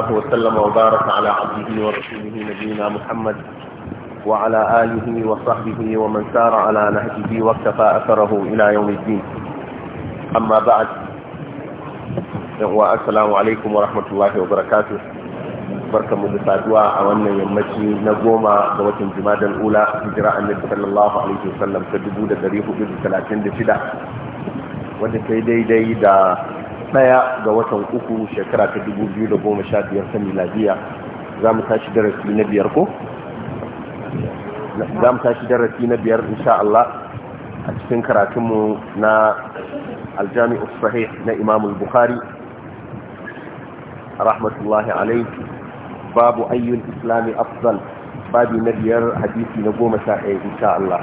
الله وسلم وبارك على عبده ورسوله نبينا محمد وعلى آله وصحبه ومن سار على نهجه واكتفى da saduwa a wannan yammaci na goma ga watan jumadan ula hijira an yadda sallallahu alaihi wasallam ta da dari hudu da talatin daidai da ɗaya ga watan uku shekara ta dubu biyu da goma sha biyar ta miladiya za mu tashi darasi na biyar ko? za mu tashi darasi na biyar insha Allah a cikin karatunmu na aljami'u sahih na imam bukhari rahmatullahi alai babu ayyul islami afdal babi na biyar hadisi na goma sha ɗaya insha Allah.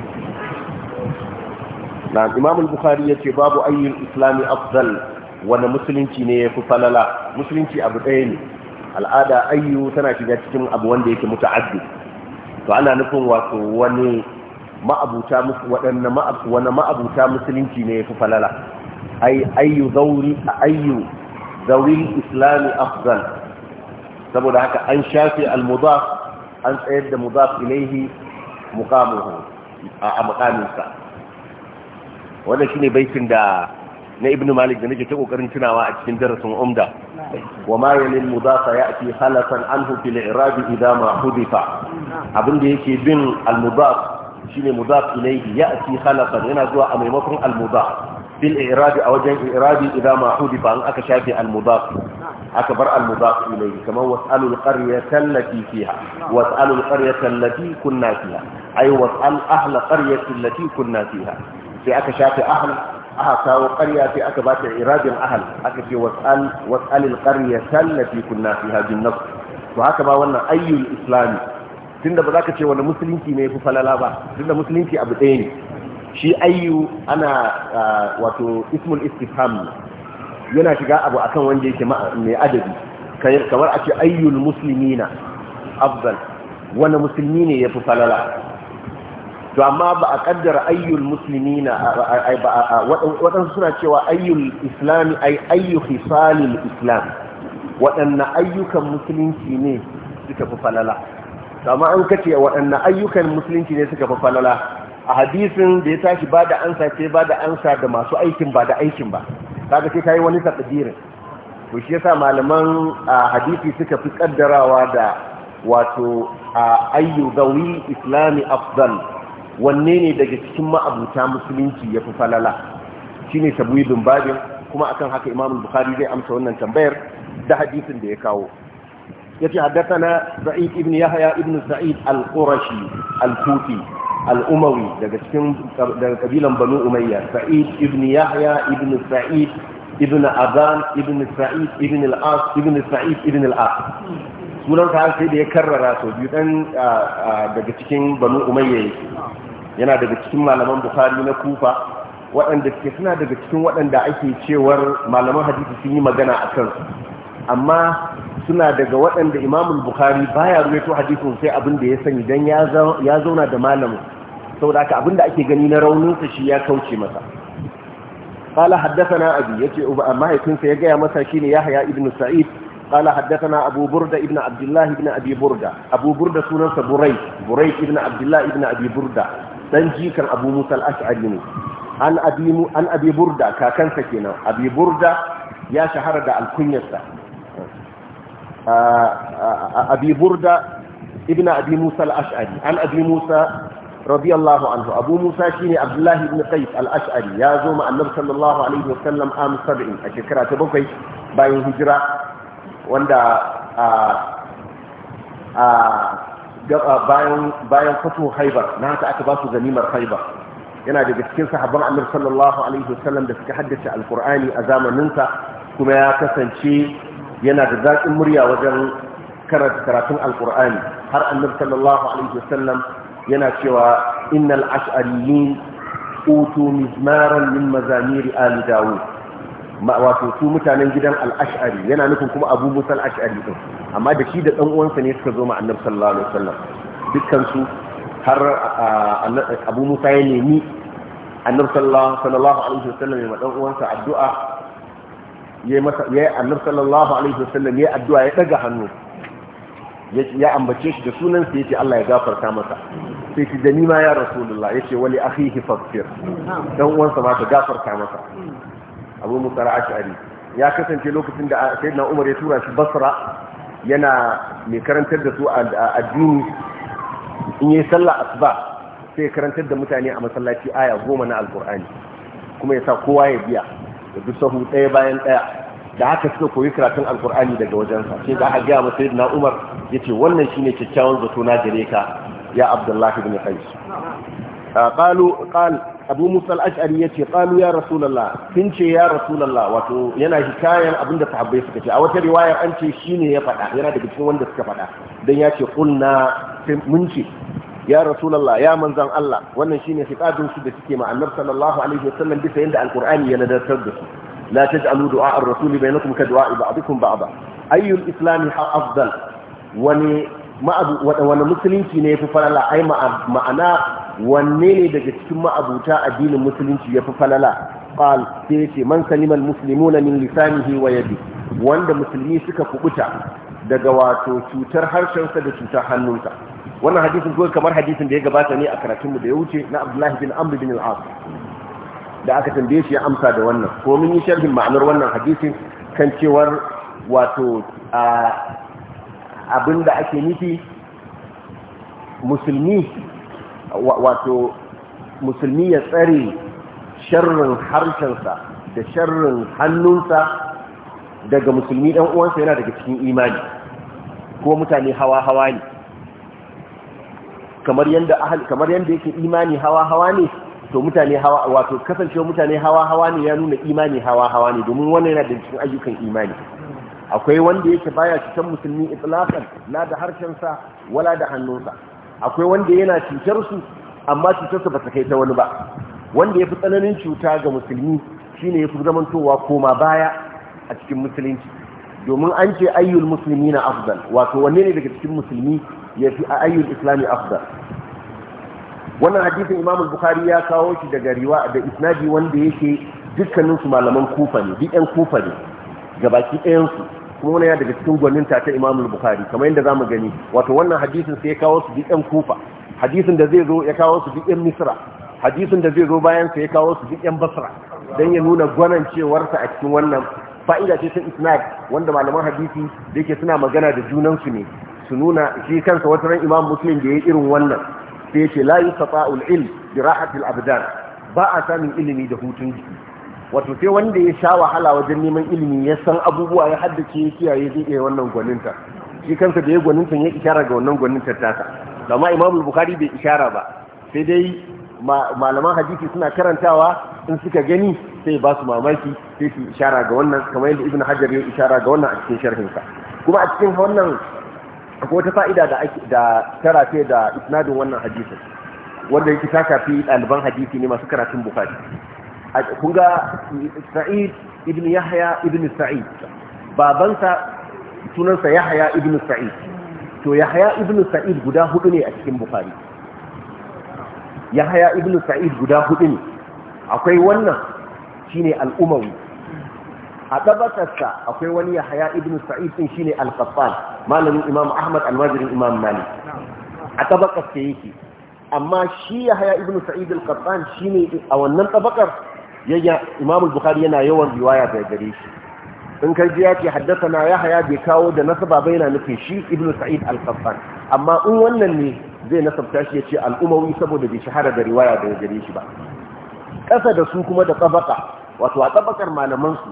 na imam al ya ce babu ayyul islami afdal wani musulunci ne ya fi falala musulunci abu ɗaya ne al'ada ayyu tana shiga cikin abu wanda yake muta'addi to ana nufin wato wani ma'abuta waɗanne wani ma'abuta musulunci ne ya fi falala ay ayyu zawri ayyu zawil islami afdal saboda haka an shafi al-mudaf an tsayar da mudaf ilaihi muqamuhu a maqaminsa wannan shine baitin da na ibn malik da nake ta kokarin tunawa a cikin darasin umda wa ma yalil mudafa ya'ti halasan anhu fil i'rab idha ma hudifa abin da yake bin al mudaf shine mudaf ilayhi ya'ti halasan yana zuwa a maimakon al mudaf fil i'rab a wajen i'rab idha ma hudifa an aka shafi al mudaf aka bar al mudaf ilayhi kamar was'alul qaryata allati fiha was'alul qaryata allati kunna fiha ay was'al ahla qaryati allati kunna fiha sai aka shafe ahal aka kawo ƙarya sai aka ba ta iradin ahal aka ce was'al was'alil qaryata allati kunna fi bin nafs to haka ba wannan ayyul islami tunda ba za ka ce wani musulunci ne ya fi falala ba tunda musulunci abu ɗaya ne shi ayyu ana wato ismul istifham yana shiga abu akan wanda yake mai adadi kamar a ce ayyul muslimina afdal wani musulmi ne ya fi falala to amma ba a kaddara ayyul musulmi na waɗansu suna cewa ayyul islami ay ayyu hisalil islam waɗanne ayyukan musulunci ne suka fi falala amma an kace waɗanne ayyukan musulunci ne suka fi falala a hadisin da ya tashi ba da ansa ce ba da ansa da masu aikin ba da aikin ba kaga sai kai wani takdirin to shi yasa malaman hadisi suka fi kaddarawa da wato ayyu dawi islami afdal wanne ne daga cikin ma'abuta musulunci ya fi falala shine tabwidin babin kuma akan haka imamun bukari zai amsa wannan tambayar da hadisin da ya kawo Ya haddasa na sa'id ibn yahya ibn sa'id al-qurashi al-kufi al-umawi daga cikin daga kabilan banu umayya sa'id ibn yahya ibn sa'id ibn azan ibn sa'id ibn al-as ibn sa'id ibn al sunan sa sai da ya karrara sau biyu dan daga cikin banu umayya yake yana daga cikin malaman bukhari na kufa waɗanda suke suna daga cikin waɗanda ake cewar malaman hadisi sun yi magana a kansu amma suna daga waɗanda imamul bukhari baya ruwaito hadisin sai abin da ya sani dan ya zauna da malamin saboda haka abin da ake gani na rauninsa shi ya kauce masa قال حدثنا أبي يجي أبا ما يكون سيجي مساكين يحيى ابن سعيد قال حدثنا أبو بردة ابن عبد الله ابن أبي بردة أبو بردة سنة بريد بريد ابن عبد الله ابن أبي بردة تنجي كان أبو موسى الأشعري عن أبي, م... عن أبي بردة كاكن سكينة أبي بردة يا شهر دا الكنية أبي بردة ابن أبي موسى الأشعري عن أبي موسى رضي الله عنه أبو موسى شيني عبد الله بن قيس الأشعري يا زوم النبي صلى الله عليه وسلم عام سبعين أشكرا تبقي باين هجرة wanda bayan fito haibar na haka aka ba su ganimar haibar yana daga cikin sahabban annabi sallallahu alaihi wasallam da suka haddace alkur'ani a zamaninsa kuma ya kasance yana da zaƙin murya wajen karanta karatun alkur'ani har annabi sallallahu alaihi wasallam yana cewa innal ash'ariyin utu mizmaran min mazamiri ali dawud wato su mutanen gidan al yana nufin kuma abu musal al'ashari ashari din amma da shi da dan uwansa ne suka zo ma annabi sallallahu alaihi wasallam dukkan su har abu musa ya nemi annabi sallallahu alaihi wasallam ya dan uwansa addu'a ya masa ya annabi sallallahu alaihi wasallam ya addu'a ya daga hannu ya ambace shi da sunan sai yace Allah ya gafarta masa sai ki da ni ma ya rasulullah yace wali akhihi faghfir dan uwansa ma ka gafarta masa abu musa ash'ari ya kasance lokacin da sayyidina umar ya tura shi basra yana mai karantar da su a addini in yi sallah asuba sai karantar da mutane a masallaci aya goma na alkur'ani kuma ya sa kowa ya biya da duk sahu ɗaya bayan ɗaya da haka suka koyi karatun alkur'ani daga wajensa sai da aka gaya ma na umar ya ce wannan shine kyakkyawan zato na gare ka ya abdullahi bin qais qalu abu musa al'ashari ya ce ƙalu ya rasulallah sun ce ya rasulallah wato yana hikayen abin da sahabbai suka ce a wata riwayar an ce shi ne ya faɗa yana daga cikin wanda suka faɗa don ya ce kulna mun ce ya rasulallah ya manzan Allah wannan shine ne su da suke ma'anar sallallahu alaihi wasallam bisa yadda alƙur'ani ya nadartar da su la taj'alu du'a ar-rasuli bainakum ka du'a ba'dikum ba'da ayyul islami ha afdal wani wani musulunci ne ya fi falala ai ma'ana wanne ne daga cikin ma'abuta addinin musulunci ya fi falala qal sai yace man salima almuslimuna min lisanihi wa yadi wanda musulmi suka kubuta daga wato cutar harshensa da cutar hannunsa wannan hadisin ko kamar hadisin da ya gabata ne a karatunmu da ya wuce na Abdullahi bin Amr bin al-As da aka tambaye shi ya amsa da wannan ko mun yi sharhin ma'anar wannan hadisin kan cewar wato abinda ake nufi musulmi wato musulmi ya tsare sharrin harshensa da sharrin hannunsa daga musulmi ɗan uwansa yana daga cikin imani kuma mutane hawa-hawa ne kamar yadda yake imani hawa-hawa ne to mutane hawa wato kasancewa mutane hawa-hawa ne ya nuna imani hawa-hawa ne domin wannan yana da cikin ayyukan imani akwai wanda yake baya cikin musulmi itlaqan na da harshensa wala da hannunsa akwai wanda yana cutar su amma cutarsa ba ta kai ta wani ba wanda ya fi tsananin cuta ga musulmi shine ya fi zamantowa koma baya a cikin musulunci domin an ce ayyul musulmi na afdal wato wanne ne daga cikin musulmi ya fi a ayyul islami afdal wannan hadisin imam bukhari ya kawo shi daga riwa da isnadi wanda yake dukkanin su malaman kufa ne duk yan kufa ne gabaki ɗayan kuma ya daga cikin gwaninta ta Imam al-Bukhari kamar yadda zamu gani wato wannan hadisin sai ya kawo su duk ɗan Kufa hadisin da zai zo ya kawo su duk ɗan Misra hadisin da zai zo bayan sai ya kawo su duk ɗan Basra dan ya nuna gwanan cewarsa a cikin wannan fa'ida ce ta isnad wanda malaman hadisi da yake suna magana da junan su ne su nuna shi kansa wata ran Imam Muslim da yayi irin wannan sai ya ce la yustata'u ilm bi abdan ba a samun ilimi da hutun jiki wato sai wanda ya sha wahala wajen neman ilimi ya san abubuwa ya haddace ya kiyaye zai iya wannan gwaninta shi kansa da ya gwaninta ya ishara ga wannan gwaninta ta ta amma imamu bukhari bai ishara ba sai dai malaman hadisi suna karantawa in suka gani sai ba su mamaki sai su ishara ga wannan kamar yadda ibn hajar ya ishara ga wannan a cikin sharhinsa kuma a cikin wannan akwai wata fa'ida da da tara da isnadin wannan hadisin wanda yake ta shafi ɗaliban hadisi ne masu karatun bukari Kunga sa'id ibn yahya ibn sa'id babansa sunansa yahya ibn sa'id to yahya ibn sa'id guda hudu ne a cikin bukhari yahya ibn sa'id guda hudu ne akwai wannan shine al-umawi a ɗabatarsa akwai wani yahya ibn sa'id din shine al-qattan malamin imam ahmad al-majrin imam malik a ɗabatarsa yake amma shi yahya ibn sa'id al-qattan shine a wannan ɗabakar yayya imamu Bukhari yana yawan riwaya daga gare shi in kai ji yake haddathana Yahya bai kawo da nasaba bai na nufin shi ibnu Sa'id al qaffan amma in wannan ne zai nasabta shi yace al-Umawi saboda bai shahara da riwaya daga gare shi ba kasa da su kuma da tabaka wato a tabakar malaman su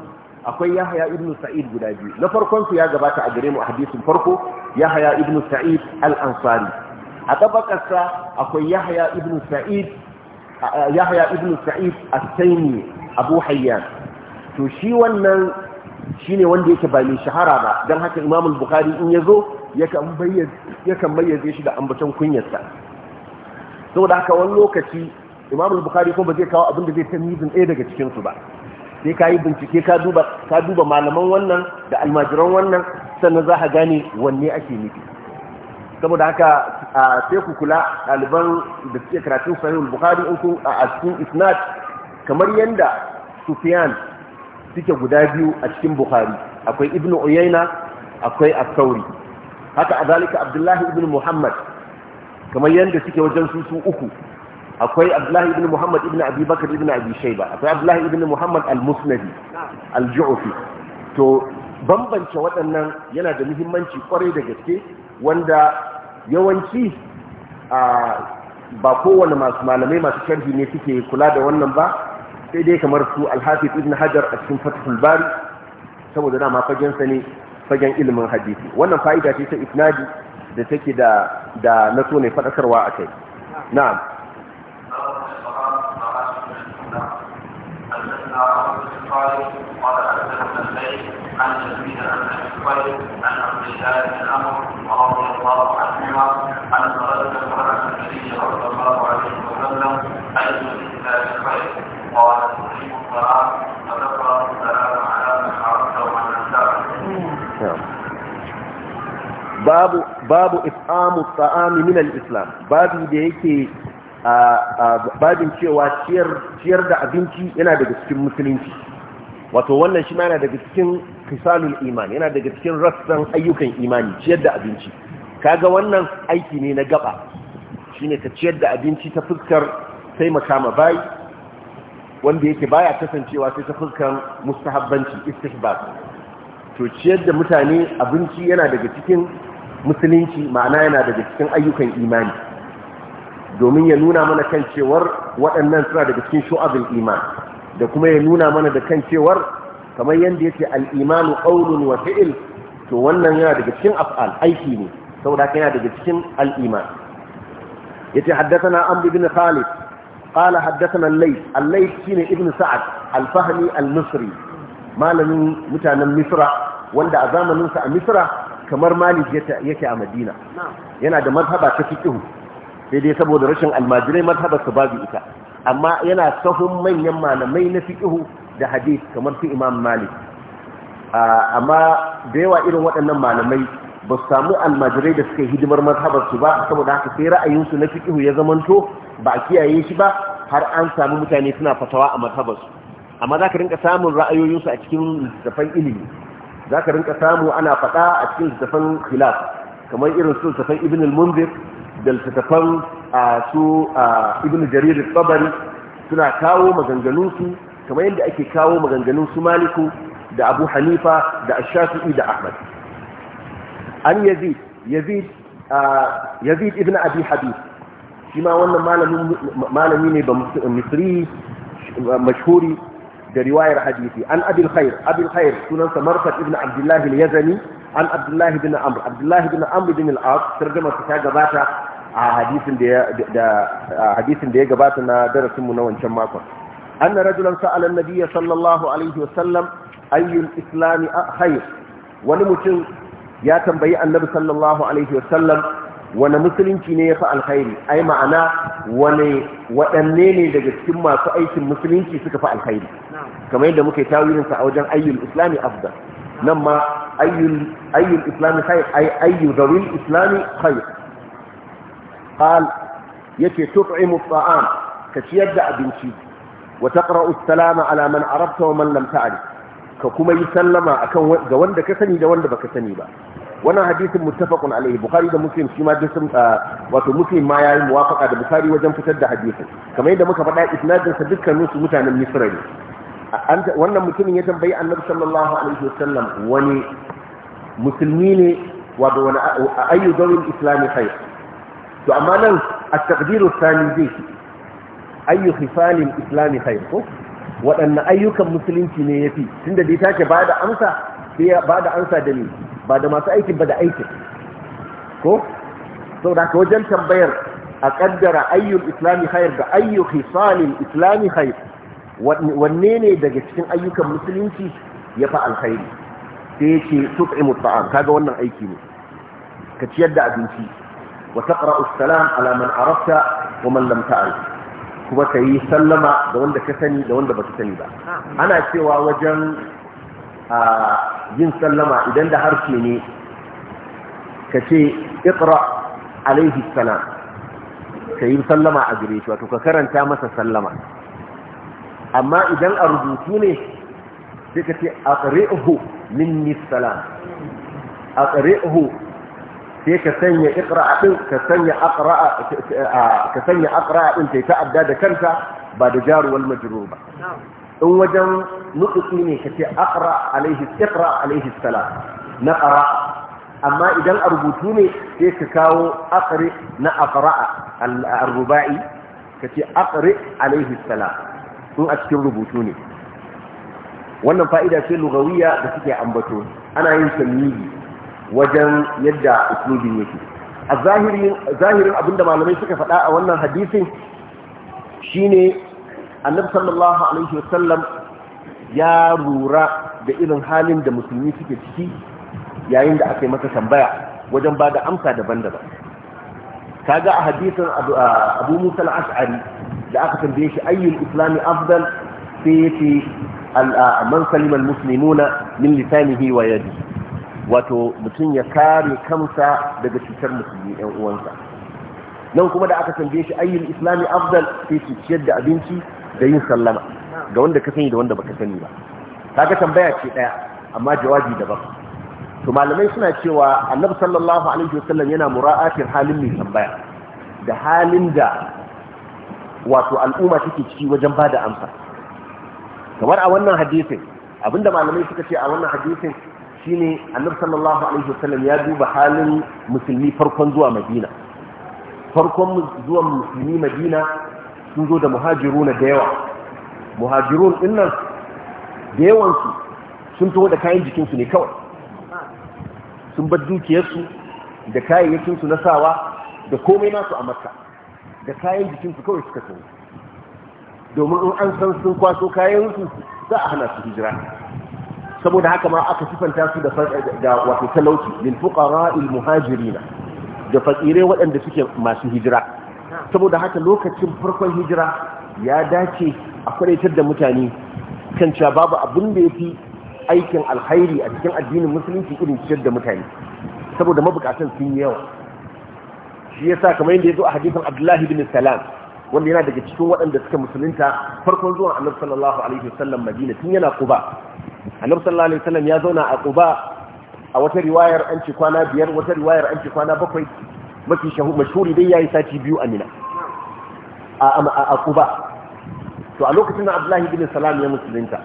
akwai Yahya ibnu Sa'id guda biyu na farkon su ya gabata a gare mu hadisin farko Yahya ibnu Sa'id al-Ansari a tabakar sa akwai Yahya ibnu Sa'id yahya ibn sa'id al saini abu hayyan to shi wannan shine wanda yake ba mai shahara ba dan haka imam al-bukhari in yazo yakan bayyana yakan bayyana shi da ambaton kunyarsa saboda haka wani lokaci imam al-bukhari ko ba zai kawo abin da zai tamyizin ɗaya daga cikin su ba sai ka bincike ka duba ka duba malaman wannan da almajiran wannan sannan za ka gane wanne ake nufi saboda haka sai ku kula ɗaliban da suke karatun sahihul bukhari in kun a cikin isnad kamar yanda sufyan suke guda biyu a cikin bukhari akwai ibnu uyayna akwai as-sauri haka azalika abdullahi ibnu muhammad kamar yanda suke wajen su su uku akwai abdullahi ibnu muhammad ibnu abi bakr ibnu abi shayba akwai abdullahi ibnu muhammad al-musnadi al-ju'fi to bambance waɗannan yana da muhimmanci kwarai da gaske wanda yawanci a ba kowane masu malamai masu sharhi ne suke kula da wannan ba sai dai kamar su alhafiz ibn hajar a cikin fatihul bari saboda dama fagensa ne fagen ilimin hadisi wannan fa'ida ce ta isnadi da take da da na so ne fadakarwa akai na'am أن تزيد babu if'amu isamu min al-islam babu da yake babin cewa ciyar ciyar da abinci yana daga cikin musulunci wato wannan shi ma yana daga cikin khisalul iman yana daga cikin rassan ayyukan imani ciyar da abinci kaga wannan aiki ne na gaba shine ka ciyar da abinci ta fuskar sai makama bai wanda yake baya kasancewa sai ta fuskar mustahabbanci istihbab to ciyar da mutane abinci yana daga cikin musulunci ma'ana yana daga cikin ayyukan imani domin ya nuna mana kan cewar waɗannan suna daga cikin shu'abul iman da kuma ya nuna mana da kan cewar kamar yadda yake al-imanu qawlun wa fi'l to wannan yana daga cikin af'al aiki ne saboda haka yana daga cikin al-iman yace haddasana amr ibn khalid قال laif. الليث الليث شيني sa'ad alfahani al misri malamin mutanen misra wanda a zamaninsa a misra kamar malik yake a madina yana da mazhaba ta fiqhu sai dai saboda rashin almajirai mazhabar su babu ita amma yana sahun manyan malamai na fiqhu da hadith kamar su imam malik amma da yawa irin waɗannan malamai ba su samu almajirai da suka yi hidimar mazhabarsu ba saboda haka sai ra'ayinsu na fiƙihu ya zamanto ba a kiyaye shi ba har an samu mutane suna fatawa a mazhabarsu amma za ka rinka samun ra'ayoyinsu a cikin littattafan ilimi za ka rinka samu ana faɗa a cikin littattafan khilaf kamar irin su littattafan ibn al-munzir da littattafan su ibn jarir al-tabari suna kawo maganganunsu kamar yadda ake kawo maganganun su maliku da abu hanifa da ashafi'i da ahmad an yazid yazid yazid ibn abi habib shi ma wannan malami ne ba misri mashhuri da riwayar hadisi an abil khair abil khair sa marfat ibn abdullah al-yazani an abdullah ibn amr abdullah ibn amr ibn al-as tarjuma ta gabata a hadisin da ya gabata na darasin mu na wancan makon أن رجلا سأل النبي صلى الله عليه وسلم أي الإسلام خير ونمتن يا تنبي النبي صلى الله عليه وسلم wane musulunci ne ya fi alkhairi ai ma'ana wane waɗanne ne daga cikin masu aikin musulunci suka fi alkhairi kamar yadda muka yi tawirinsa a wajen ayyul islami afdal nan ma ayyul islami khair ai ayyu zawil islami khair qal yace tut'imu ta'am ka ciyar da abinci wa taqra'u salama ala man arabta wa man lam ta'rif ka kuma yi sallama akan ga wanda ka sani da wanda baka sani ba wannan hadisin muttafaqun alaihi bukhari da muslim shi ma duk wato muslim ma yayi muwafaqa da bukhari wajen fitar da hadisin kamar yadda muka faɗa isnadin sa dukkanin su mutanen misra ne wannan mutumin ya tambayi annabi sallallahu alaihi wasallam wani musulmi ne a ayyu dawil to amma nan zai ayyu khifalin islami khair ko waɗanne ayyukan musulunci ne yafi tunda dai take ba da amsa sai ba da amsa da ni ba da masu aikin ba da aikin ko da ka wajen tambayar a kaddara ayyu islami khair da ayyu khifalin islami khair wanne ne daga cikin ayyukan musulunci ya fa alkhairi sai yake tut'imu ta'am kaga wannan aiki ne ka ciyar da abinci wa taqra'u salam ala man arafta wa man lam kuma ka yi sallama da wanda ka sani da wanda ba ka sani ba ana cewa wajen yin sallama idan da harshe ne ka ce ikra alaihi salam ka yi sallama a gare shi wato ka karanta masa sallama amma idan a rubutu ne sai ka ce a minni salam a sai ka sanya iqra'a din ka sanya aqra'a ka sanya aqra'a din sai ta'adda da kanta ba da jaru wal majrur ba in wajen nutsi ne ka ce aqra alaihi iqra alaihi salam na qara amma idan a rubutu ne sai ka kawo aqri na aqra'a al-ruba'i ka ce aqri alaihi salam in a cikin rubutu ne wannan fa'ida ce lugawiya da suke ambato ana yin tamyizi wajen yadda uslubin yake a zahirin abinda malamai suka faɗa a wannan hadisin shine annabi sallallahu alaihi wasallam ya rura da irin halin da musulmi suke ciki yayin da aka yi masa tambaya wajen ba da amsa daban-daban kaga a hadisin abu musa al da aka tambaye shi ayyul islami afdal sai yace man salima al-muslimuna min lisanihi wa yadihi wato mutum ya kare kansa daga cutar musulmi yan uwansa nan kuma da aka tambaye shi ayyul islami afdal sai ciyar da abinci da yin sallama ga wanda ka sani da wanda baka sani ba kaga tambaya ce daya amma jawabi daban to malamai suna cewa annabi sallallahu alaihi wasallam yana mura'atir halin mai tambaya da halin da wato al'umma take ciki wajen bada amsa kamar a wannan hadisin abinda malamai suka ce a wannan hadisin shine annabi sallallahu alaihi wasallam ya duba halin musulmi farkon zuwa madina farkon zuwan musulmi madina sun zo da muhajiruna da yawa muhajirun dinnan da yawansu sun taho da kayan jikinsu ne kawai sun bar dukiyarsu da kayayyakinsu na sawa da komai nasu a makka da kayan jikinsu kawai suka taho domin in an san sun kwaso kayansu za a hana su hijira saboda haka ma aka sifanta su da da wato talauci lil fuqara al muhajirin da fakire waɗanda suke masu hijira saboda haka lokacin farkon hijira ya dace a kwadaitar da mutane kan cewa babu abin da yafi aikin alkhairi a cikin addinin musulunci irin ciyar da mutane saboda mabukatan sun yawa shi yasa kamar yadda ya zo a hadisin Abdullahi bin Salam wanda yana daga cikin waɗanda suka musulunta farkon zuwan annabi sallallahu alaihi wasallam Madina tun yana kuba. annabi sallallahu alaihi wasallam ya zauna a quba a wata riwayar an ce kwana biyar wata riwayar an ce kwana bakwai mafi shahu mashhuri dai yayi sati biyu a mina a quba to a lokacin da abdullahi bin salam ya musulunta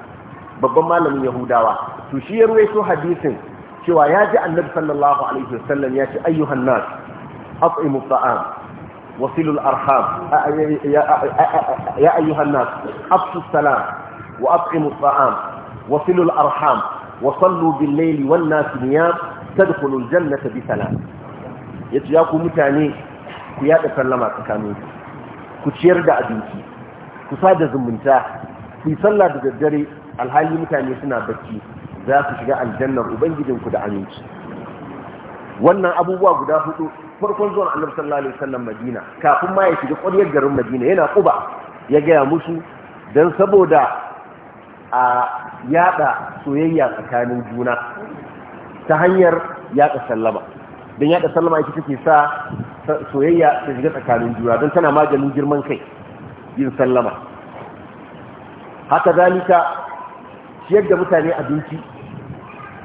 babban malamin yahudawa to shi ya ruwaito hadisin cewa ya ji annabi sallallahu alaihi wasallam ya ce ayyuhan nas at'imu ta'am wasilul arham ya ayyuhan nas afshu salam wa at'imu ta'am وصلوا الأرحام وصلوا بالليل والناس نيام تدخلوا الجنة بسلام يتجاكم متعني كيادة سلما تكامل كتير دا أبنتي كسادة زمنتا في صلاة بددري الحالي متعني سنة بكي ذاك شجاء الجنة أبنجد كد عنيش wannan abubuwa guda hudu farkon zuwan annabi sallallahu alaihi wasallam madina kafin ma ya shiga ƙwaryar garin madina yana kuba ya gaya musu don saboda a yada soyayya tsakanin juna ta hanyar yada sallama don yada sallama ita take sa soyayya ta shiga tsakanin juna don tana maganin girman kai yin sallama haka zalika ciyar da mutane abinci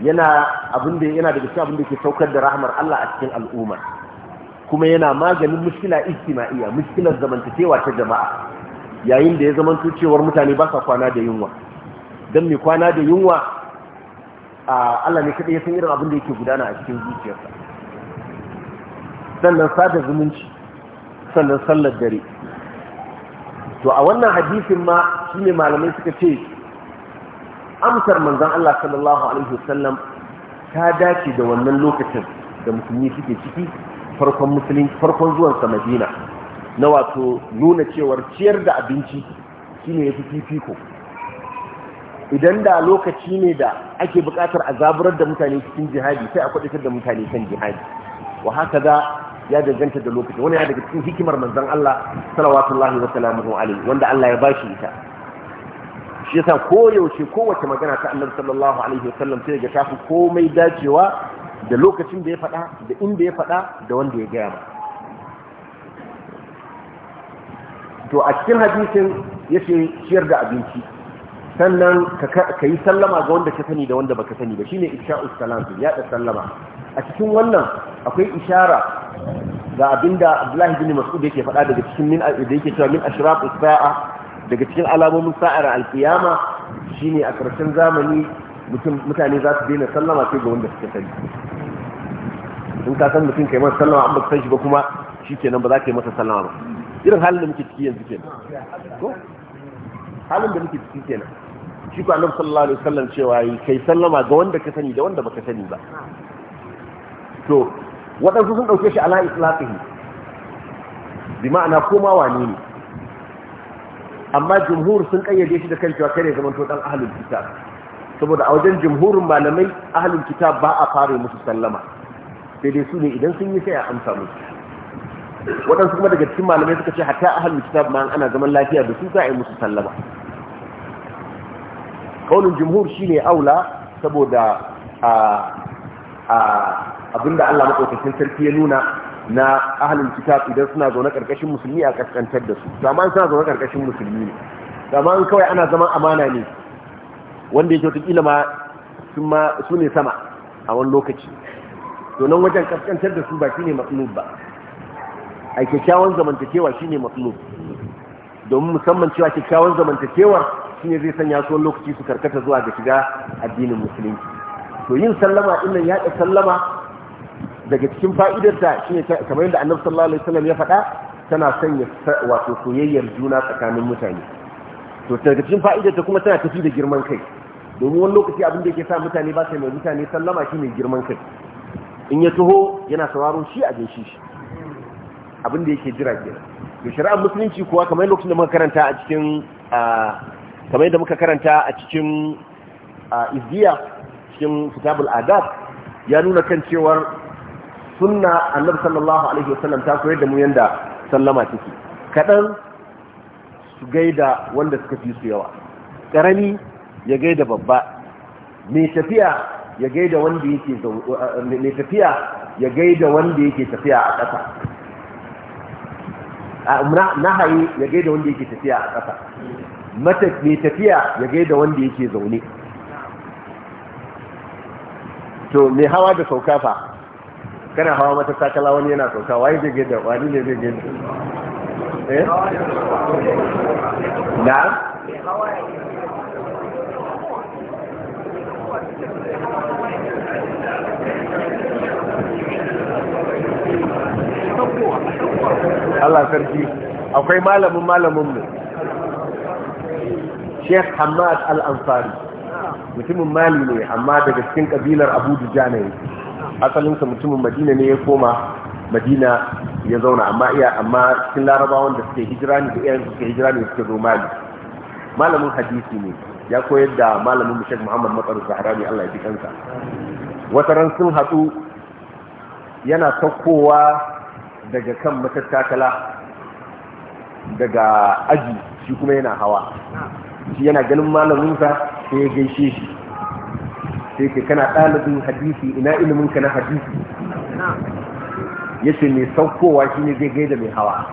yana abin da yana daga cikin abin da ke saukar da rahmar Allah a cikin al'umma kuma yana maganin mushkila ijtima'iyya mushkilar zamantakewa ta jama'a yayin da ya zamanto cewar mutane ba sa kwana da yunwa don mai kwana da yunwa a Allah ne kaɗai ya san irin abin da yake gudana a cikin zuciyarsa sannan sada zumunci sannan sallar dare to a wannan hadisin ma shine malamai suka ce amsar manzan Allah sallallahu alaihi wasallam ta dace da wannan lokacin da musulmi suke ciki farkon musulunci farkon zuwan sa Madina na wato nuna cewar ciyar da abinci shine fi fifiko idan da lokaci ne da ake bukatar a zaburar da mutane cikin jihadi sai a kwadatar da mutane kan jihadi wa haka za ya danganta da lokaci wani ya daga cikin hikimar manzan Allah Allah wa sallamu alaihi wanda Allah ya ba shi ita shi yasa koyaushe kowace magana ta Annabi sallallahu alaihi wa sallam sai ga tafi komai dacewa da lokacin da ya faɗa da inda ya faɗa da wanda ya gaya ba to a cikin hadisin yace ciyar da abinci sannan ka yi sallama ga wanda ka sani da wanda baka sani ba shine isha'us salam ya da sallama a cikin wannan akwai ishara ga abinda Abdullahi bin Mas'ud yake faɗa daga cikin min da yake cewa min ashraqus sa'a daga cikin alamomin sa'ar alkiyama shine a ƙarshen zamani mutum mutane za su daina sallama sai ga wanda suka sani in ka san mutum kai masa sallama an ba san shi ba kuma shikenan ba za ka yi masa sallama ba irin halin da muke ciki yanzu kenan ko halin da muke ciki kenan shi ku annabi sallallahu alaihi wasallam cewa yi kai sallama ga wanda ka sani da wanda baka sani ba to waɗansu sun ɗauke shi ala islahi bi ma'ana koma wani ne amma jumhur sun kayyade shi da kan cewa kare zaman to dan ahlul kitab saboda a wajen jumhurin malamai ahlul kitab ba a fara musu sallama sai dai su ne idan sun yi sai a amsa musu waɗansu kuma daga cikin malamai suka ce hatta ahlul kitab ma ana zaman lafiya da su za a yi musu sallama kaunin jumhur ne aula saboda abinda Allah maɗaukakin sarki ya nuna na ahalin kitab idan suna zaune ƙarƙashin musulmi a ƙasƙantar da su zaman suna zaune ƙarƙashin musulmi ne zaman kawai ana zaman amana ne wanda yake wataƙila ma su ne sama a wani lokaci to wajen ƙasƙantar da su ba shine matsalub ba a kyakkyawan zamantakewa shine matsalub domin musamman cewa kyakkyawan zamantakewar shine zai sanya su wani lokaci su karkata zuwa ga shiga addinin musulunci to yin sallama ɗin ya yaɗa sallama daga cikin fa'idarta shine kamar yadda annabi sallallahu alaihi wasallam ya faɗa tana sanya wato soyayyar juna tsakanin mutane to daga cikin fa'idarta kuma tana tafi da girman kai domin wani lokaci abin da yake sa mutane ba sai mai mutane sallama shine girman kai in ya taho yana sauraron shi a jinshi shi abin da yake jira kenan to shari'ar musulunci kuwa kamar lokacin da muka karanta a cikin kamar yadda muka karanta a cikin izdiya cikin kitabul adab ya nuna kan cewar sunna annabi sallallahu alaihi wasallam ta koyar da mu yanda sallama take kadan su gaida wanda suka fi su yawa karami ya gaida babba mai tafiya ya gaida wanda yake mai tafiya ya gaida wanda yake tafiya a ƙasa nahayi ya gaida wanda yake tafiya a ƙasa mai tafiya ya gaida wanda yake zaune to mai hawa da sauka fa kana hawa mata sakala wani yana sauka waye zai gaida wani ne zai gaida eh na Allah sarki akwai malamin malamin mu Sheikh Hamad Al-Ansari mutumin Mali ne amma daga cikin kabilar Abu Dujana ne asalin sa mutumin Madina ne ya koma Madina ya zauna amma iya amma cikin Larabawan da suke hijira ne da iyayen suke hijira ne suke zo Mali malamin hadisi ne ya koyar da malamin Sheikh Muhammad Matsar Zahrani Allah ya ji kansa wata ran sun hadu yana saukowa daga kan matattakala daga aji shi kuma yana hawa hadisi yana ganin sa sai ya gaishe shi sai ke kana ɗalibin hadisi ina ilimin ka na hadisi yace ce mai saukowa shi ne zai gaida mai hawa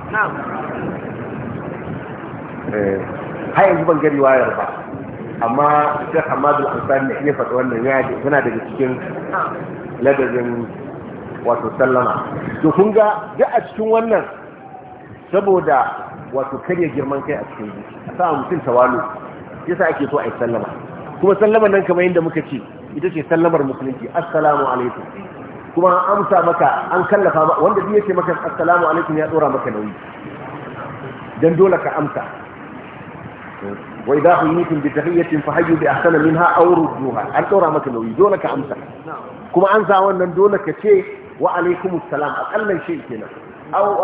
eh yanzu ban gari wayar ba amma sai hamadu al-ansari ne ya faɗi wannan yana daga cikin ladabin wato sallama to kun ga duk a cikin wannan saboda wato karya girman kai a cikin a sa mutum tawalu yasa ake so a yi sallama kuma sallamar nan kamar yadda muka ce ita ce sallamar musulunci assalamu alaikum kuma an amsa maka an kallafa ma wanda zai ce maka assalamu alaikum ya dora maka nauyi dan dole ka amsa wa idza huyitum bi tahiyyatin fahayyu bi ahsana minha aw rudduha an dora maka nauyi dole ka amsa kuma an sa wannan dole ka ce wa alaikumus salam akallan shi kenan أو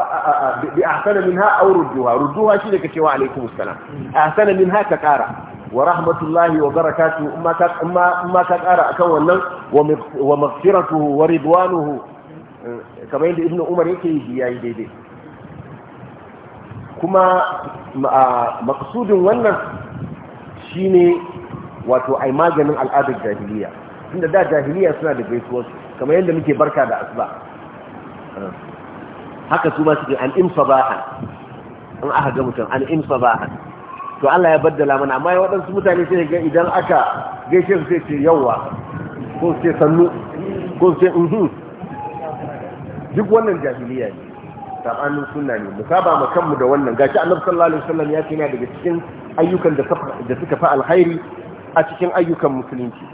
بأحسن منها أو ردوها ردوها شيء كشي وعليكم السلام أحسن ka تكارا wa rahmatullahi wa barakatuhu in ma ka ƙara akan wannan wa maghfiratuhu wa ridwanuhu eh, kamar yadda ibnu umar yake yi yayi daidai kuma maksudin wannan shine wato ai maganin al'adar jahiliya tunda da jahiliya suna da gaisuwar kamar yadda muke barka da asuba eh, haka su ma suke an in sabahan an aka ga mutum an in sabahan to Allah ya baddala mana amma waɗansu mutane sai ga idan aka gaishe su sai ce yawa ko su ce sannu ko su ce uhu duk wannan jahiliya ne tsakanin sunna ne mu saba mu kanmu da wannan gashi annabi sallallahu alaihi wasallam ya ce yana daga cikin ayyukan da suka fa alkhairi a cikin ayyukan musulunci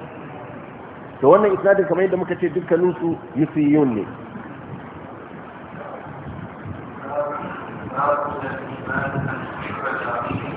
to wannan isnadin kamar yadda muka ce dukkaninsu yusiyun ne Thank you.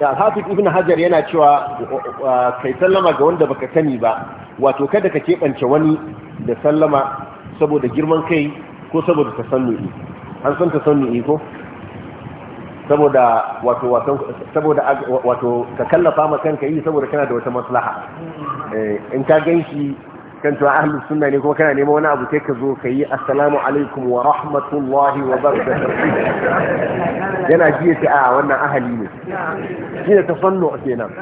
da hafiz ibn hajar yana cewa kai sallama ga wanda baka sani ba wato kada ka keɓance wani da sallama saboda girman kai ko saboda ne an san ta ne ko saboda wato wato saboda wato ka kallafa ma kanka yi saboda kana da wata maslaha eh, in ka ganshi kan cewa ahlus sunna ne kuma kana neman wani abu sai ka zo ka yi assalamu alaikum wa rahmatullahi wa barakatuh yana ji yace a ah, wannan ahali ne shi ne tafannu kenan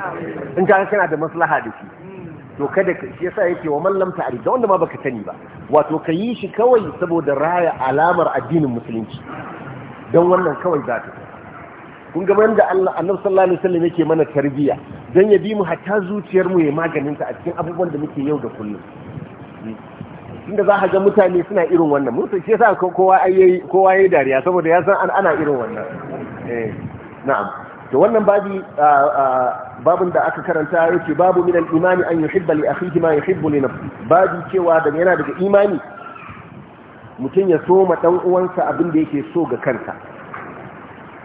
in ka kana da maslaha da shi to kada ka shi yasa yake wa mallam ta'arif da wanda ma baka sani ba wato ka yi shi kawai saboda raya alamar addinin musulunci don wannan kawai za ta kun ga da Allah annabi sallallahu alaihi wasallam yake mana tarbiyya dan ya bi mu hatta zuciyar mu ya maganin ta a cikin abubuwan da muke yau da kullum inda za a ga mutane suna irin wannan mutum shi sa kowa ya yi dariya saboda ya san an ana irin wannan eh, na'am to wannan babi babin da aka karanta yake babu minan imani an yi yuhibba li akhihi ma yuhibbu li nafsi babi cewa da yana daga imani mutum ya so ma dan uwansa abin da yake so ga kanta.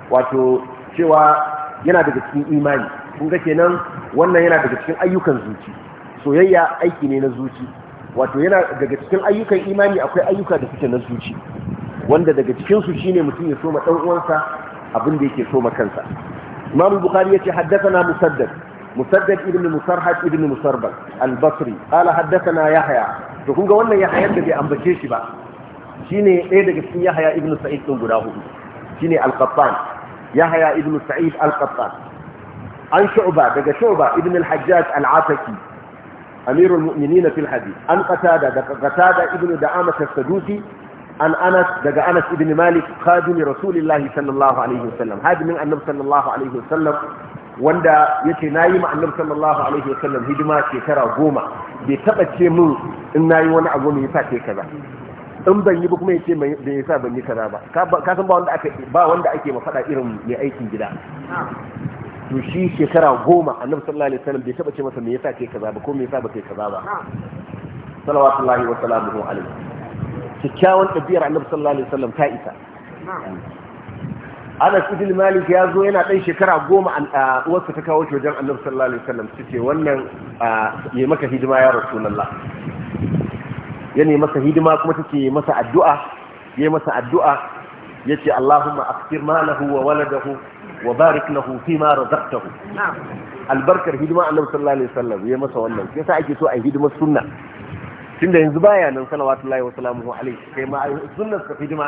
wato cewa yana daga cikin imani kun ga kenan wannan yana daga cikin ayyukan zuci soyayya aiki ne na zuci wato yana daga cikin ayyukan imani akwai ayyuka da suke na zuci wanda daga cikin su shine mutum ya soma dan uwansa abin da yake soma kansa imam bukhari yace haddathana musaddad musaddad ibn musarhad ibn musarbal al-basri qala haddathana yahya to kun ga wannan yahya da bai ambace shi ba shine ɗaya daga cikin yahya ibn sa'id din guda hudu shine al-qattan yahya ibn sa'id al-qattan an shu'ba daga shu'ba ibn al-hajjaj al-ataki amirul mu'minina fil hadith an qatada da qatada ibnu da as-sadusi an anas daga anas ibn malik khadimi rasulillahi sallallahu alaihi wasallam hadimin annabi sallallahu alaihi wasallam wanda yace nayi ma annabi sallallahu alaihi wasallam hidima shekara goma bai taba ce min in nayi wani abu ne yasa ce kaza in ban yi ba kuma yace me yasa ban yi kaza ba ka san ba wanda ake ba wanda ake ma fada irin mai aikin gida to shi shekara goma annabi sallallahu alaihi wasallam bai taba ce masa me yasa kai kaza ba ko me yasa ba kai kaza ba salawatullahi wa salamuhu alaihi kikkiawan ɗabi'ar annabi sallallahu alaihi wasallam ta isa Anas ibn Malik ya zo yana ɗan shekara goma a uwarsa ta kawo shi wajen Annabi sallallahu alaihi wasallam su ce wannan ya maka hidima ya rasu lalla." ya ne masa hidima kuma take masa addu'a ya masa addu'a ya yace Allahumma aktir malahu wa waladahu wa barik lahu fi ma razaqtahu albarkar hidima annabi sallallahu alaihi wasallam ya masa wannan yasa ake so a hidima sunna tunda yanzu baya nan salawatullahi wa salamuhu alaihi kai ma sunna ka hidima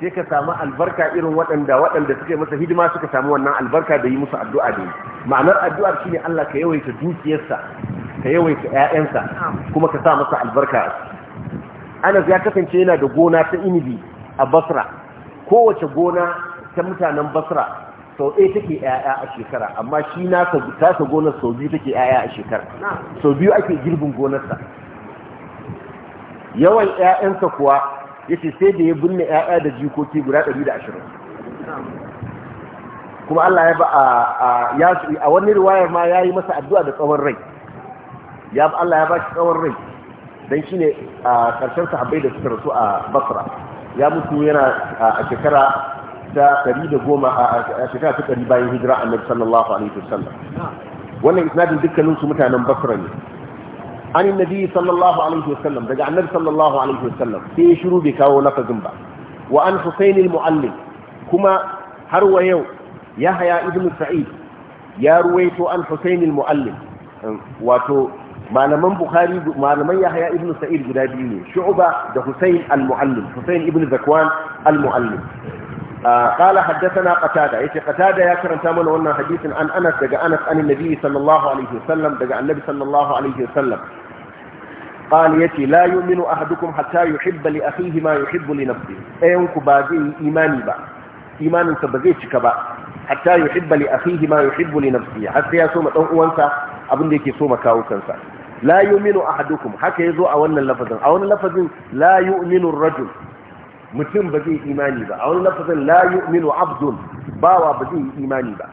sai ka samu albarka irin waɗanda waɗanda suka masa hidima suka samu wannan albarka da yi musu addu'a da yi ma'anar addu'ar shine Allah ka yawaita dukiyarsa ka yawaita ƴaƴansa kuma ka sa masa albarka Anas ya kasance yana da gona ta inibi a Basra kowace gona ta mutanen Basra sau ɗaya take ‘ya'ya a shekara amma shi na tasa gonar sau biyu take ‘ya'ya a shekara sau biyu ake girbin gonarsa yawan ‘ya'yansa kuwa ya ce sai da ya binne ‘ya'ya da jikoki guda ɗari da ashirin kuma Allah ya ba a a wani riwayar ma ya yi masa addu'a da tsawon rai ya ba Allah ya ba shi tsawon rai don shi ne a ƙarshen sahabai da suka rasu a basra ya mutu yana a shekara ta goma a shekara ta 100 bayan hijira annabi sallallahu alaihi wasallam wannan isnadin dukkanin su mutanen basra ne an annabi sallallahu alaihi wasallam daga annabi sallallahu alaihi wasallam sai ya shiru bai kawo lafazin ba wa an husayn al-muallim kuma har wa yau yahya ibn sa'id ya ruwaito an husayn al-muallim wato malaman bukhari malaman yahya ibn sa'id guda biyu ne shu'ba da husayn al-muallim husayn ibn zakwan al-muallim قال حدثنا قتادة يتي قتادة يا كرن تامن وانا حديث عن أنس دقى أنس عن النبي صلى الله عليه وسلم دقى النبي صلى الله عليه وسلم قال يتي لا يؤمن أحدكم حتى يحب لأخيه ما يحب لنفسه أيونك باقي إيماني با إيمان سبقيتش كبا حتى يحب لأخيه ما يحب لنفسه حتى يا سومة أنسى أبن ديكي سومة كاوكنسى لا يؤمن أحدكم حكى يزوء أولا لفظا أولا لفظا لا يؤمن الرجل mutum ba zai imani ba a wani lafazin la yu'minu abdun bawa ba zai imani ba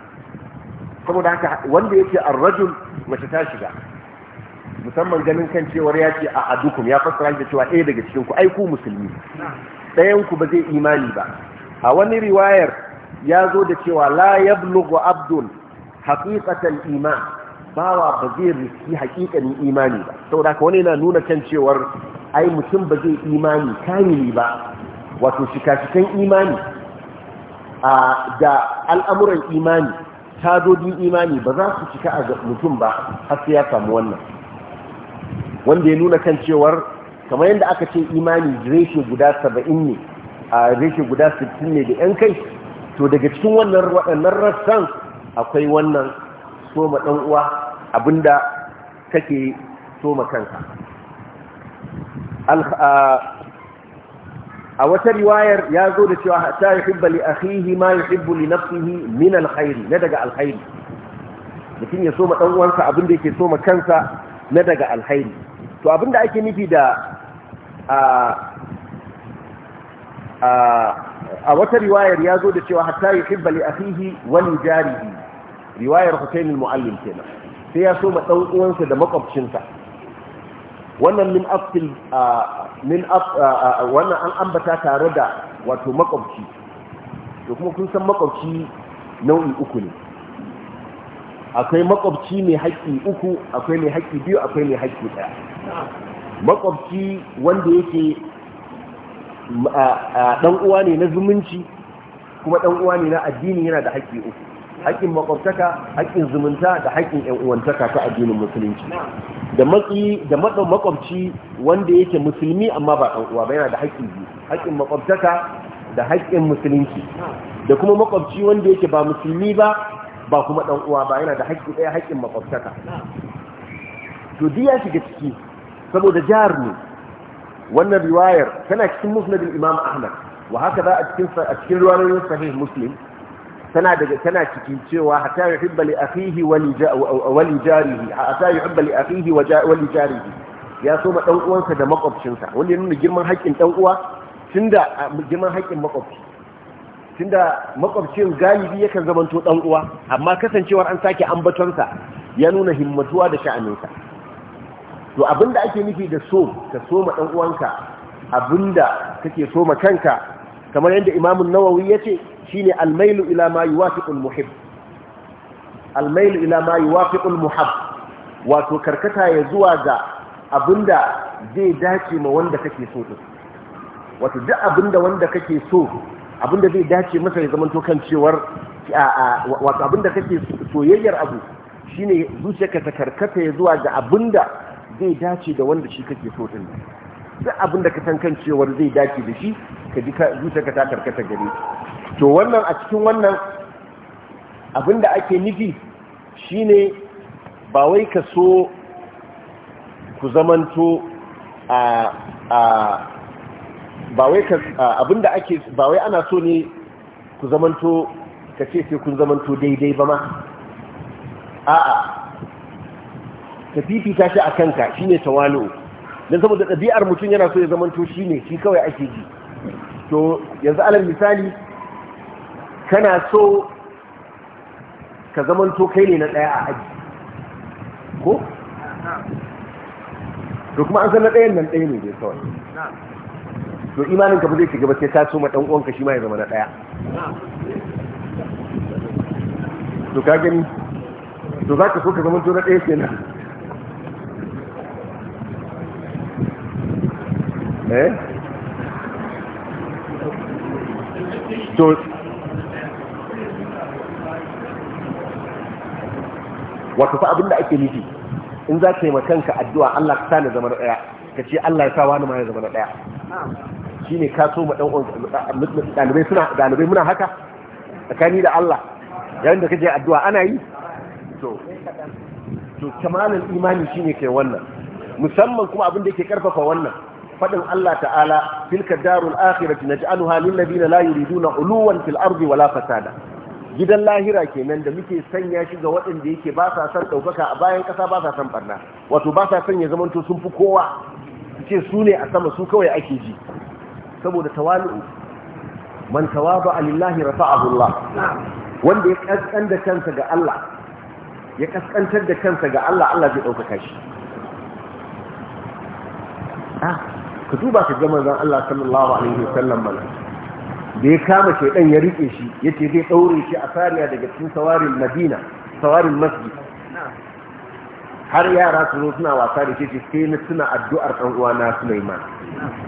saboda haka wanda yake ar-rajul mace ta shiga musamman ganin kan cewar ya ce a adukum ya fasara da cewa ɗaya daga cikinku aiku musulmi ɗayanku ba zai imani ba a wani riwayar ya zo da cewa la Abdul, abdun haqiqatan iman bawa ba zai riski haƙiƙanin imani ba saboda haka wani yana nuna kan cewar ai mutum ba zai imani kamili ba wato shikashikan imani da al'amuran imani tadodin imani ba za su cika a mutum ba har sai ya samu wannan wanda ya nuna kan cewar kamar yadda aka ce imani reshe guda saba'in ne a reshe guda sittin ne da yan kai to daga cikin wannan waɗannan rassan akwai wannan soma ɗan uwa abinda kake soma kanka a wata riwayar ya zo da cewa hatta yuhibba li akhihi ma yuhibbu li nafsihi min alkhairi na daga alkhairi mutum ya soma dan uwansa abin da yake soma kansa na daga alkhairi to abin da ake nufi da a wata riwayar ya zo da cewa hatta yuhibba li akhihi wa li jarihi riwayar Husayn al-Muallim kenan sai ya soma dan uwansa da makwabcinsa wannan min afsil min wannan an ambata tare da wato makwabci to kuma kun san makwabci nau'i uku ne akwai makwabci mai haƙƙi uku akwai mai haƙƙi biyu akwai mai haƙƙi ɗaya makwabci wanda yake ɗan uwa ne na zumunci kuma ɗan uwa ne na addini yana da haƙƙi uku haƙƙin makwabtaka haƙƙin zumunta da haƙƙin ƴan uwantaka ta addinin musulunci da matsi da makwabci wanda yake musulmi amma ba ɗan uwa ba yana da haƙin biyu haƙƙin makwabtaka da haƙƙin musulunci da kuma makwabci wanda yake ba musulmi ba ba kuma ɗan uwa ba yana da haƙƙi ɗaya haƙƙin makwabtaka to diya shiga ciki saboda jihar ne wannan riwayar tana cikin musnadin imam ahmad wa haka za a cikin a cikin riwayoyin sahih muslim tana daga tana cikin cewa hatta yuhibba li akhihi wa li jarihi hatta yuhibba li akhihi wa li jarihi ya so ma dan uwansa da makwabcinsa wanda ya nuna girman haƙƙin dan uwa tunda girman haƙƙin makwabci tunda makwabcin galibi yakan zamanto dan uwa amma kasancewar an sake ambatonsa ya nuna himmatuwa da sha'aninsa to abinda ake nufi da so ka so ma dan uwanka abinda kake so ma kanka kamar yadda imamun nawawi ya ce shine almailu ila ma yuwafiqul muhib almailu ila ma yuwafiqul muhab wato karkata ya zuwa ga abinda zai dace ma wanda kake so din wato duk abinda wanda kake so abinda zai dace masa ya zamanto kan cewar wato abinda kake soyayyar abu shine zuciyarka ta karkata ya zuwa ga abinda zai dace da wanda shi kake so din duk abin da ka san kan cewar zai dace da shi ka ji ka ta karkata gare to wannan a cikin wannan abin da ake nufi shine ba wai ka so ku zamanto a a ba wai ka abin da ake ba wai ana so ne ku zamanto ka ce sai kun zamanto daidai ba ma a'a ka fifita shi a kanka shine tawalu don saboda ɗabi'ar mutum yana so ya zamanto shi ne shi kawai ake ji to yanzu alal misali kana so ka zamanto kai ne na ɗaya a aji ko? to kuma an san na ɗayan nan ɗaya ne dai kawai to imanin ka ba zai shiga ba sai ka so ma ɗan shi ma ya zama na ɗaya to ka gani to za ka so ka zamanto na ɗaya kenan eh to wato fa abinda ake nufi in za ka yi kanka addu'a Allah ka sa ni zama daya ka ce Allah ya sa wani ma ya zama ɗaya. daya shine ka so ma dan dalibai suna dalibai muna haka tsakani da Allah yayin da kaje addu'a ana yi to to kamalin imani shine ke wannan musamman kuma abin da yake karfafa wannan faɗin Allah ta'ala tilka darul akhirati naj'aluha lil ladina la yuriduna uluwan fil ardi wala fasada gidan lahira kenan da muke sanya shi ga waɗanda yake ba sa san ɗaukaka a bayan ƙasa ba sa san barna wato ba sa san ya zamanto sun fi kowa ce su ne a sama su kawai ake ji saboda tawali'u man tawaba lillahi rafa'ahu Allah wanda ya kaskan da kansa ga Allah ya kaskantar da kansa ga Allah Allah zai ɗaukaka shi ka duba ka ga zan Allah sallallahu alaihi wasallam mana da ya kama shedan ya rike shi yace zai daure shi a sariya daga cikin sawarin Madina sawarin masjid har yara su zo suna wasa da shi sai na suna addu'ar dan uwa na Sulaiman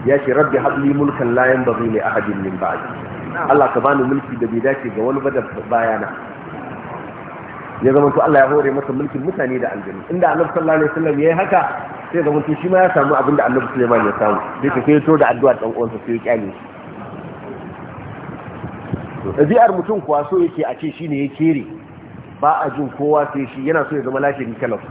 ya ce rabbi habli mulkan la yanbaghi li ahadin min ba'di Allah ka bani mulki da bai dace ga wani ba da bayana ya zama to Allah ya hore masa mulkin mutane da aljanu inda annabi sallallahu alaihi wasallam yayi haka sai zama shi ma ya samu abin da annabi Sulaiman ya samu sai ka fito da addu'a dan uwansa sai ya kyale shi to ɗabi'ar mutum kuwa so yake a ce shine ya kere ba a jin kowa sai shi yana so ya zama lashiri kalaf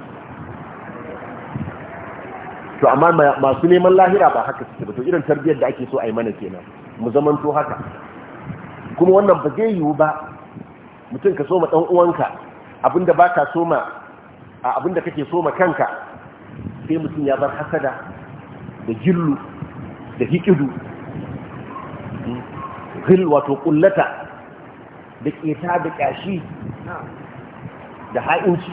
to amma masu neman lahira ba haka suke ba to irin tarbiyyar da ake so a yi mana kenan mu zaman to haka kuma wannan ba zai yiwu ba mutum ka so ma dan uwanka abinda baka soma a abinda kake soma kanka sai mutum ya bar hasada da gillu, da hikidu hmm, hil wato kullata da keta da kyashi da ha'inci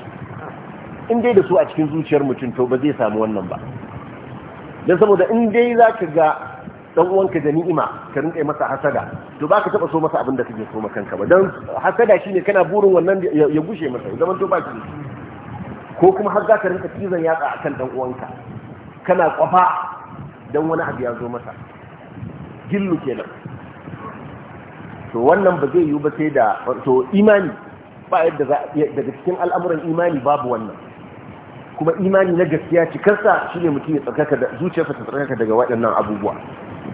in dai da su a cikin zuciyar mutum to ba zai samu wannan ba don saboda in dai za ka ga dan uwanka da ni'ima ka rinka masa hasada to baka taba so masa abin da kake so maka kanka ba dan hasada shine kana burin wannan ya gushe masa zaman to baki ko kuma har zaka rinka cizon yatsa akan dan uwanka kana kwafa dan wani abu ya zo masa gillu kenan to wannan ba zai yiwu ba sai da to imani ba yadda daga cikin al'amuran imani babu wannan kuma imani na gaskiya cikarsa shine mutum ya tsarkaka da zuciyarsa ta tsarkaka daga waɗannan abubuwa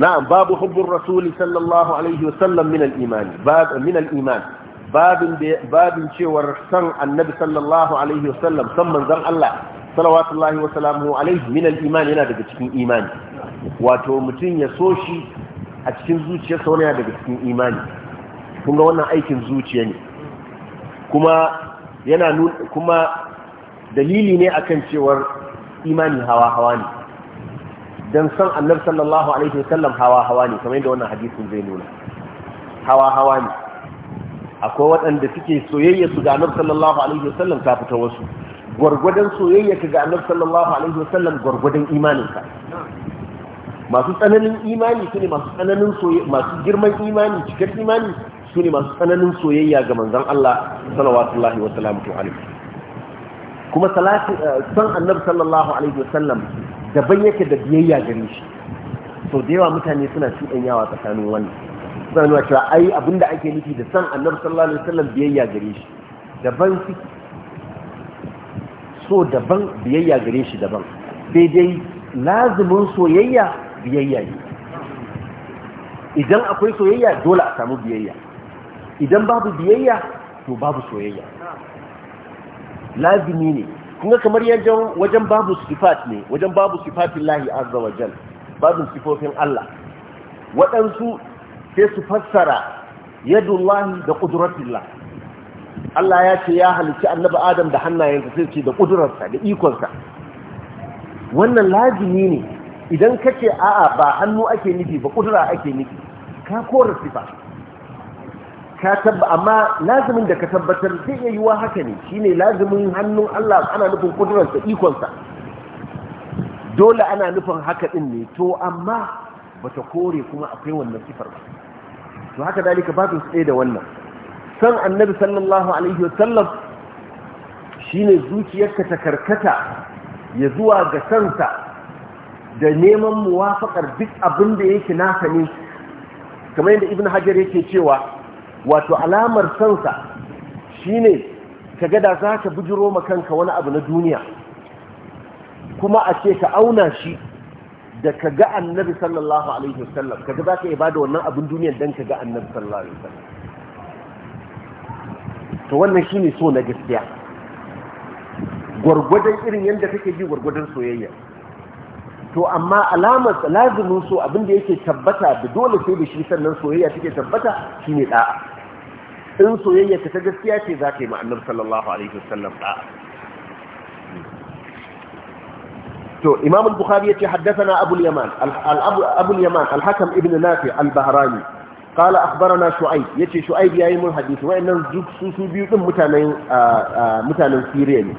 na'am babu hubbur rasuli sallallahu alaihi wasallam min al-iman bab min al san annabi sallallahu alaihi wasallam san manzon Allah salawatullahi wa salamuhu alaihi min al yana daga cikin imani wato mutum ya so shi a cikin zuciyarsa wani yana daga cikin imani kun ga wannan aikin zuciya ne kuma dalili ne akan cewar imani hawa hawa ne dan san annabi sallallahu alaihi wasallam hawa hawa ne kamar yadda wannan hadisin zai nuna hawa hawa ne akwai waɗanda suke soyayya su ga annabi sallallahu alaihi wasallam ta fita wasu gwargwadon soyayya ka ga annabi sallallahu alaihi wasallam gwargwadon imanin ka masu tsananin imani su ne masu tsananin soyayya masu girman imani cikar imani su ne masu tsananin soyayya ga manzon Allah sallallahu alaihi wasallam kuma salati eh, san annabi sallallahu alaihi wasallam daban yake da biyayya gare shi so da yawa mutane suna yawa tsakanin wannan suna nuna cewa ai abinda ake nufi da san annabi sallallahu alaihi wasallam biyayya gare shi daban su so daban biyayya gare shi daban sai dai lazumin soyayya biyayya ne idan akwai soyayya dole a samu biyayya idan babu biyayya to babu soyayya lazumi ne kuma kamar yanjan wajen babu sifat ne wajen babu sifatin lahi azza wa jal babu sifofin Allah waɗansu sai su fassara yadullahi da ƙuduratullah Allah ya ce ya halitta annabi Adam da hannayensa sai ce da ƙudurarsa da ikonsa wannan lazimi ne idan kace a'a ba hannu ake nufi ba ƙudura ake nufi ka kora sifat ka tabba amma lazimin da ka tabbatar zai iya yiwa haka ne shine lazimin hannun Allah ana nufin kudurarsa ikonsa dole ana nufin haka din ne to amma bata kore kuma akwai wannan sifar ba to haka dalika ba su tsaye da wannan san annabi sallallahu alaihi wasallam shine zuciyarka ta karkata ya zuwa ga sansa da neman muwafaqar duk abin da yake nasa ne kamar yadda ibn hajar yake cewa wato alamar sansa shine ka gada za ka bujiro makanka wani abu na duniya kuma a ce ka auna shi da ka ga annabi sallallahu alaihi wasallam kaga za ka yi bada wannan abin duniyan dan ka ga annabi sallallahu alaihi wasallam to wannan shine so na gaskiya gwargwadon irin yadda kake ji gwargwadon soyayya to amma alamar lazimin so abinda yake tabbata da dole sai da shi sannan soyayya take tabbata shine ɗa'a. in soyayya ta gaskiya ce za ka yi ma'anar sallallahu alaihi wasallam ɗa'a. to imam al-bukhari yace haddathana abu al-yaman abu al-yaman al-hakam ibn nafi al-bahrani قال اخبرنا شعيب yace shu'aib yayi mun hadisi wayannan duk su su biyu din mutanen mutanen siriya ne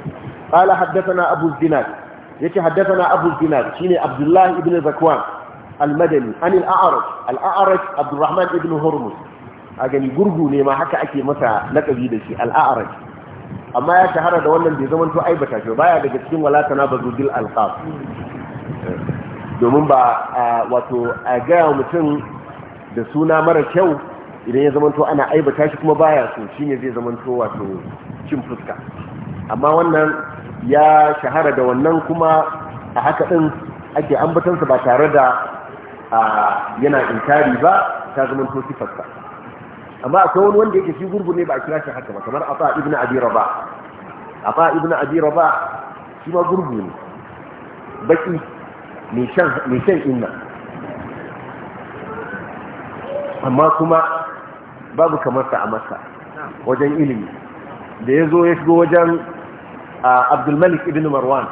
qala haddathana abu zinad yace haddathana abu dinar shine abdullah ibn zakwan al-madani an al-a'raj al-a'raj abdurrahman ibn hurmuz a gurgu ne ma haka ake masa lakabi da shi al-a'raj amma ya shahara da wannan bai zama to aibata shi baya daga cikin wala tanabazu bil alqab domin ba wato a gaya mutum da suna mara kyau idan ya zamanto ana aibata shi kuma baya so shine zai zamanto wato cin fuska amma wannan ya shahara da wannan kuma a haka ɗin ake ambatansa ba tare da yana inkari ba ta zama tosifarsa amma a wani wanda yake shi gurgu ne ba a kira shi haka ba kamar ibina abira ba a fa’a ibina abira ba shi ma gurgu ne baki mai shan inna amma kuma babu kamar sa a masa wajen ilimi da ya zo ya shigo wajen abdulmalik ibn marwan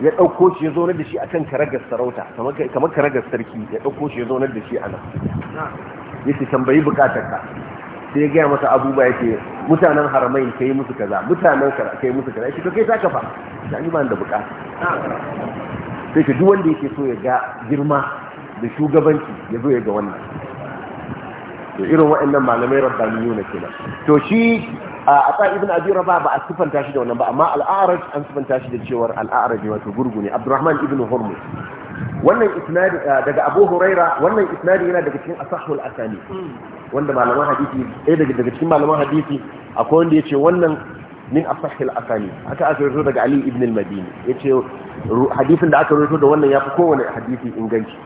ya ɗauko shi ya zonar da shi akan karagar sarauta kamar karagar sarki ya ɗauko shi ya zonar da shi a nan ya ce tambayi bukatar ka sai ya gaya masa abubuwa ya ce mutanen haramai ka yi musu kaza mutanen ka yi musu kaza ya ce to kai ta kafa yi ni da bukata sai ka duk wanda yake so ya ga girma da shugabanci ya zo ya ga wannan to irin waɗannan malamai rabbaniyu na kenan to shi a ata ibn abi rabah ba a sifanta shi da wannan ba amma al-a'raj an sifanta shi da cewar al-a'raj wato gurgu ne abdurrahman ibn hurmuz wannan isnadi daga abu huraira wannan isnadi yana daga cikin asahul asani wanda malaman hadisi ɗaya eh, daga daga cikin malaman hadisi akwai wanda yace wannan min asahul asani aka aka rawaito daga ali ibn al-madini yace hadisin da aka rawaito da wannan yafi kowane hadisi inganci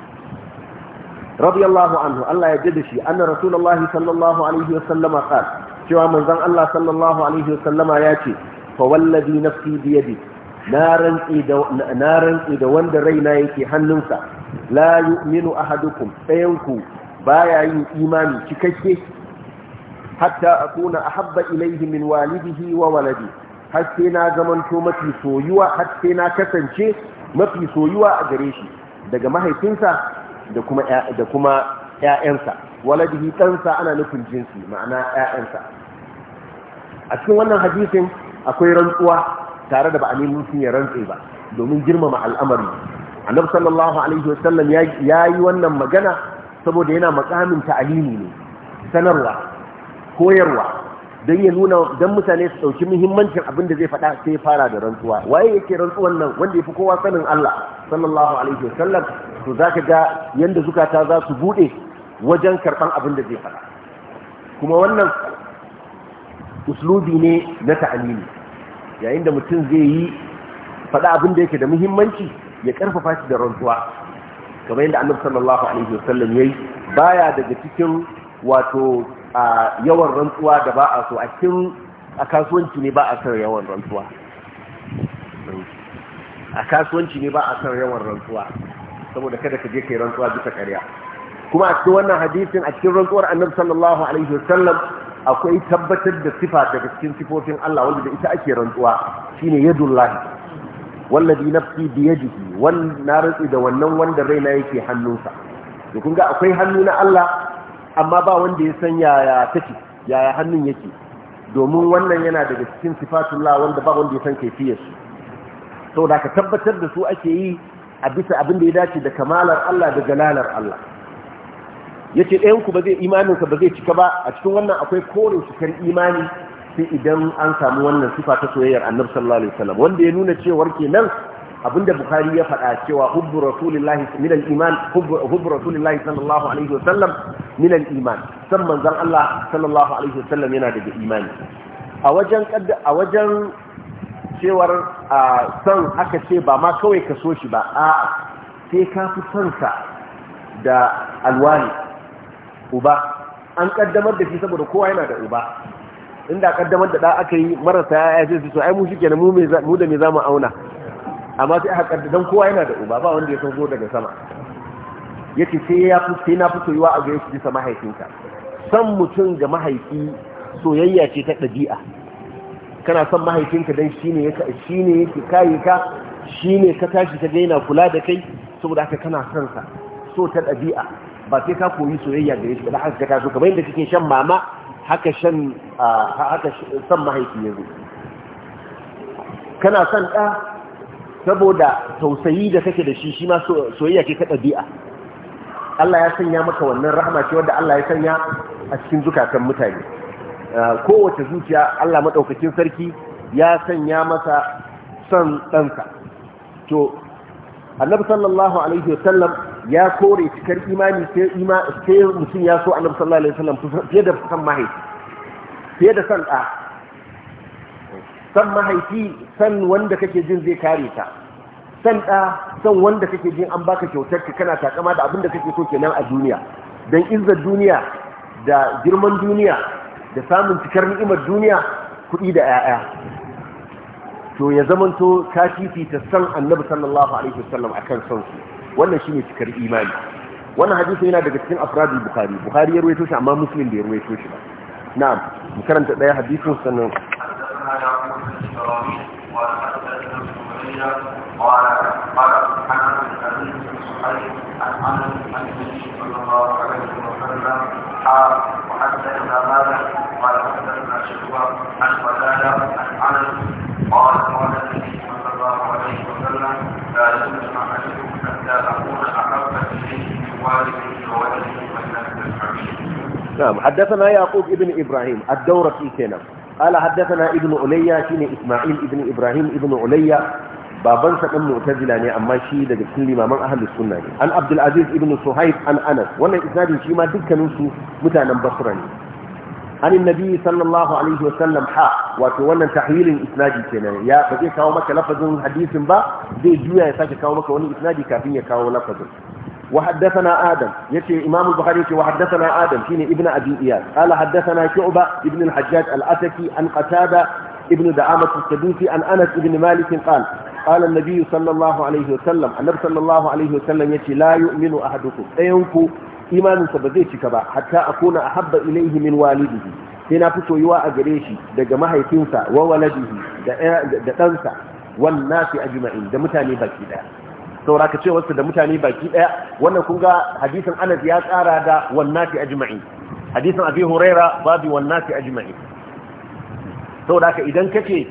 radiyallahu anhu Allah ya jaddada shi رسول الله sallallahu الله عليه sallama قال cewa manzon Allah sallallahu alaihi wasallama ya ce fa wallazi nafsi bi yadi na rantsi da wanda raina yake hannunsa la yu'minu ahadukum ɗayanku baya yin imani cikakke hatta akuna ahabba ilaihi min walidihi wa waladi har sai na zamanto mafi soyuwa har sai na kasance mafi soyuwa a gare shi daga mahaifinsa da kuma da kuma ƴaƴansa waladihi ɗansa ana nufin jinsi ma'ana ‘ya'yansa a cikin wannan hadisin akwai rantsuwa tare da ba a nemi sun ya rantse ba domin girmama al'amari annabi sallallahu alaihi sallam ya yi wannan magana saboda yana makamin ta'alimi ne sanarwa koyarwa don ya nuna don mutane su ɗauki muhimmancin abin da zai faɗa sai fara da rantsuwa waye yake rantsuwan nan wanda ya fi kowa sanin Allah sallallahu alaihi sallam? to za ka ga yadda zukata za su buɗe wajen karɓan abin da zai faɗa kuma wannan uslubi ne na ta'alimi yayin da mutum zai yi faɗa abin da yake da muhimmanci ya ƙarfafa shi da rantsuwa kamar yadda annabi sallallahu alaihi wasallam yayi baya daga cikin wato yawan rantsuwa da ba a so a cikin a kasuwanci ne ba a son yawan rantsuwa a kasuwanci ne ba a san yawan rantsuwa saboda kada ka je kai rantsuwa bisa ƙarya kuma a cikin wannan hadisin a cikin rantsuwar annabi sallallahu alaihi wasallam akwai tabbatar da sifa daga cikin sifofin Allah wanda ita ake rantsuwa shine yadullahi wallazi nafsi biyadihi wan na rantsi da wannan wanda raina yake hannunsa to kun ga akwai hannu na Allah amma ba wanda ya san yaya take yaya hannun yake domin wannan yana daga cikin sifatullah wanda ba wanda ya san kaifiyar su saboda ka tabbatar da su ake yi a bisa abin da ya dace da kamalar Allah da jalalar Allah yace ɗayan ku ba zai imanin ba zai cika ba a cikin wannan akwai kore cikar imani sai idan an samu wannan sifa ta soyayyar annabi sallallahu alaihi wasallam wanda ya nuna cewar kenan abinda bukhari ya faɗa cewa hubbu rasulillahi min al-iman hubbu rasulillahi sallallahu alaihi wasallam min al-iman san manzon Allah sallallahu alaihi wasallam yana daga imani a wajen a wajen cewar san aka ce ba ma kawai ka so shi ba a sai ka fi son sa da alwali uba an kaddamar da shi saboda kowa yana da uba inda kaddamar da da aka yi marasa ya yace su ai mu shi kenan mu da me za auna amma sai aka kaddadan kowa yana da uba ba wanda ya zo daga sama yace sai ya fi sai na fito yiwa a gare shi bisa mahaifinka san mutum ga mahaifi soyayya ce ta dabi'a kana son mahaifinka don shi ne yake kai ka shi ka tashi ka daina kula da kai saboda haka kana son sa so ta ɗabi'a ba sai ka koyi soyayya gare shi ba da haka ka so kamar yadda kake shan mama haka shan haka san mahaifi yanzu. kana son ɗa saboda tausayi da kake da shi shi ma soyayya ke ka ɗabi'a Allah ya sanya maka wannan rahama ce wanda Allah ya sanya a cikin zukatan mutane kowace zuciya Allah maɗaukacin sarki ya sanya masa son ɗansa to annabi sallallahu alaihi wasallam ya kore cikar imani sai mutum ya so annabi sallallahu alaihi wasallam fiye da san mahaifi fiye da san ɗa san mahaifi san wanda kake jin zai kare ka san da san wanda kake jin an baka kyautar ka kana takama da abin da kake so kenan a duniya dan izzar duniya da girman duniya da samun cikar ni'imar duniya kuɗi da 'ya'ya to ya zamanto ka fifita san annabi sallallahu alaihi wasallam akan san wannan shine cikar imani wannan hadisi yana daga cikin afradul bukhari bukhari ya ruwaito shi amma muslim bai ruwaito shi ba na'am karanta daya hadisin sannan قال قال وحدثنا مالك عن قتاده عن انس قال قال النبي نعم حدثنا يعقوب ابن إبراهيم الدورقي كنا قال حدثنا ابن عليا شين إسماعيل ابن إبراهيم ابن عليا بابن سكن معتزلة أما شيء ده كل ما من أهل السنة عن عبد العزيز ابن صهيب عن أنس ولا إسناد شيء ما دك نسو متى نبصرني عن النبي صلى الله عليه وسلم حا وتولى تحويل إسنادي كنا يا بدي كاو مك لفظ حديث با دي جوا يساك كاو مك وني إسنادي كافين يا كاو لفظ وحدثنا آدم يتي إمام البخاري يتي وحدثنا آدم كين ابن أبي إياس قال حدثنا شعبة ابن الحجاج الأتكي عن قتادة ابن دعامة السدوسي عن أنس ابن مالك قال قال النبي صلى الله عليه وسلم النبي صلى الله عليه وسلم يتي لا يؤمن أحدكم أينكو إيمان سبزيتي كبا حتى أكون أحب إليه من والده هنا فتو يوا أجريشي دقمها يتنسى وولده دقنسى والناس أجمعين دمتاني بكذا saura ka ce wasu da mutane baki daya wannan kun ga hadisin anas ya tsara da wannati ajma'i hadisin abi huraira babu wannati ajma'i saura ka idan kake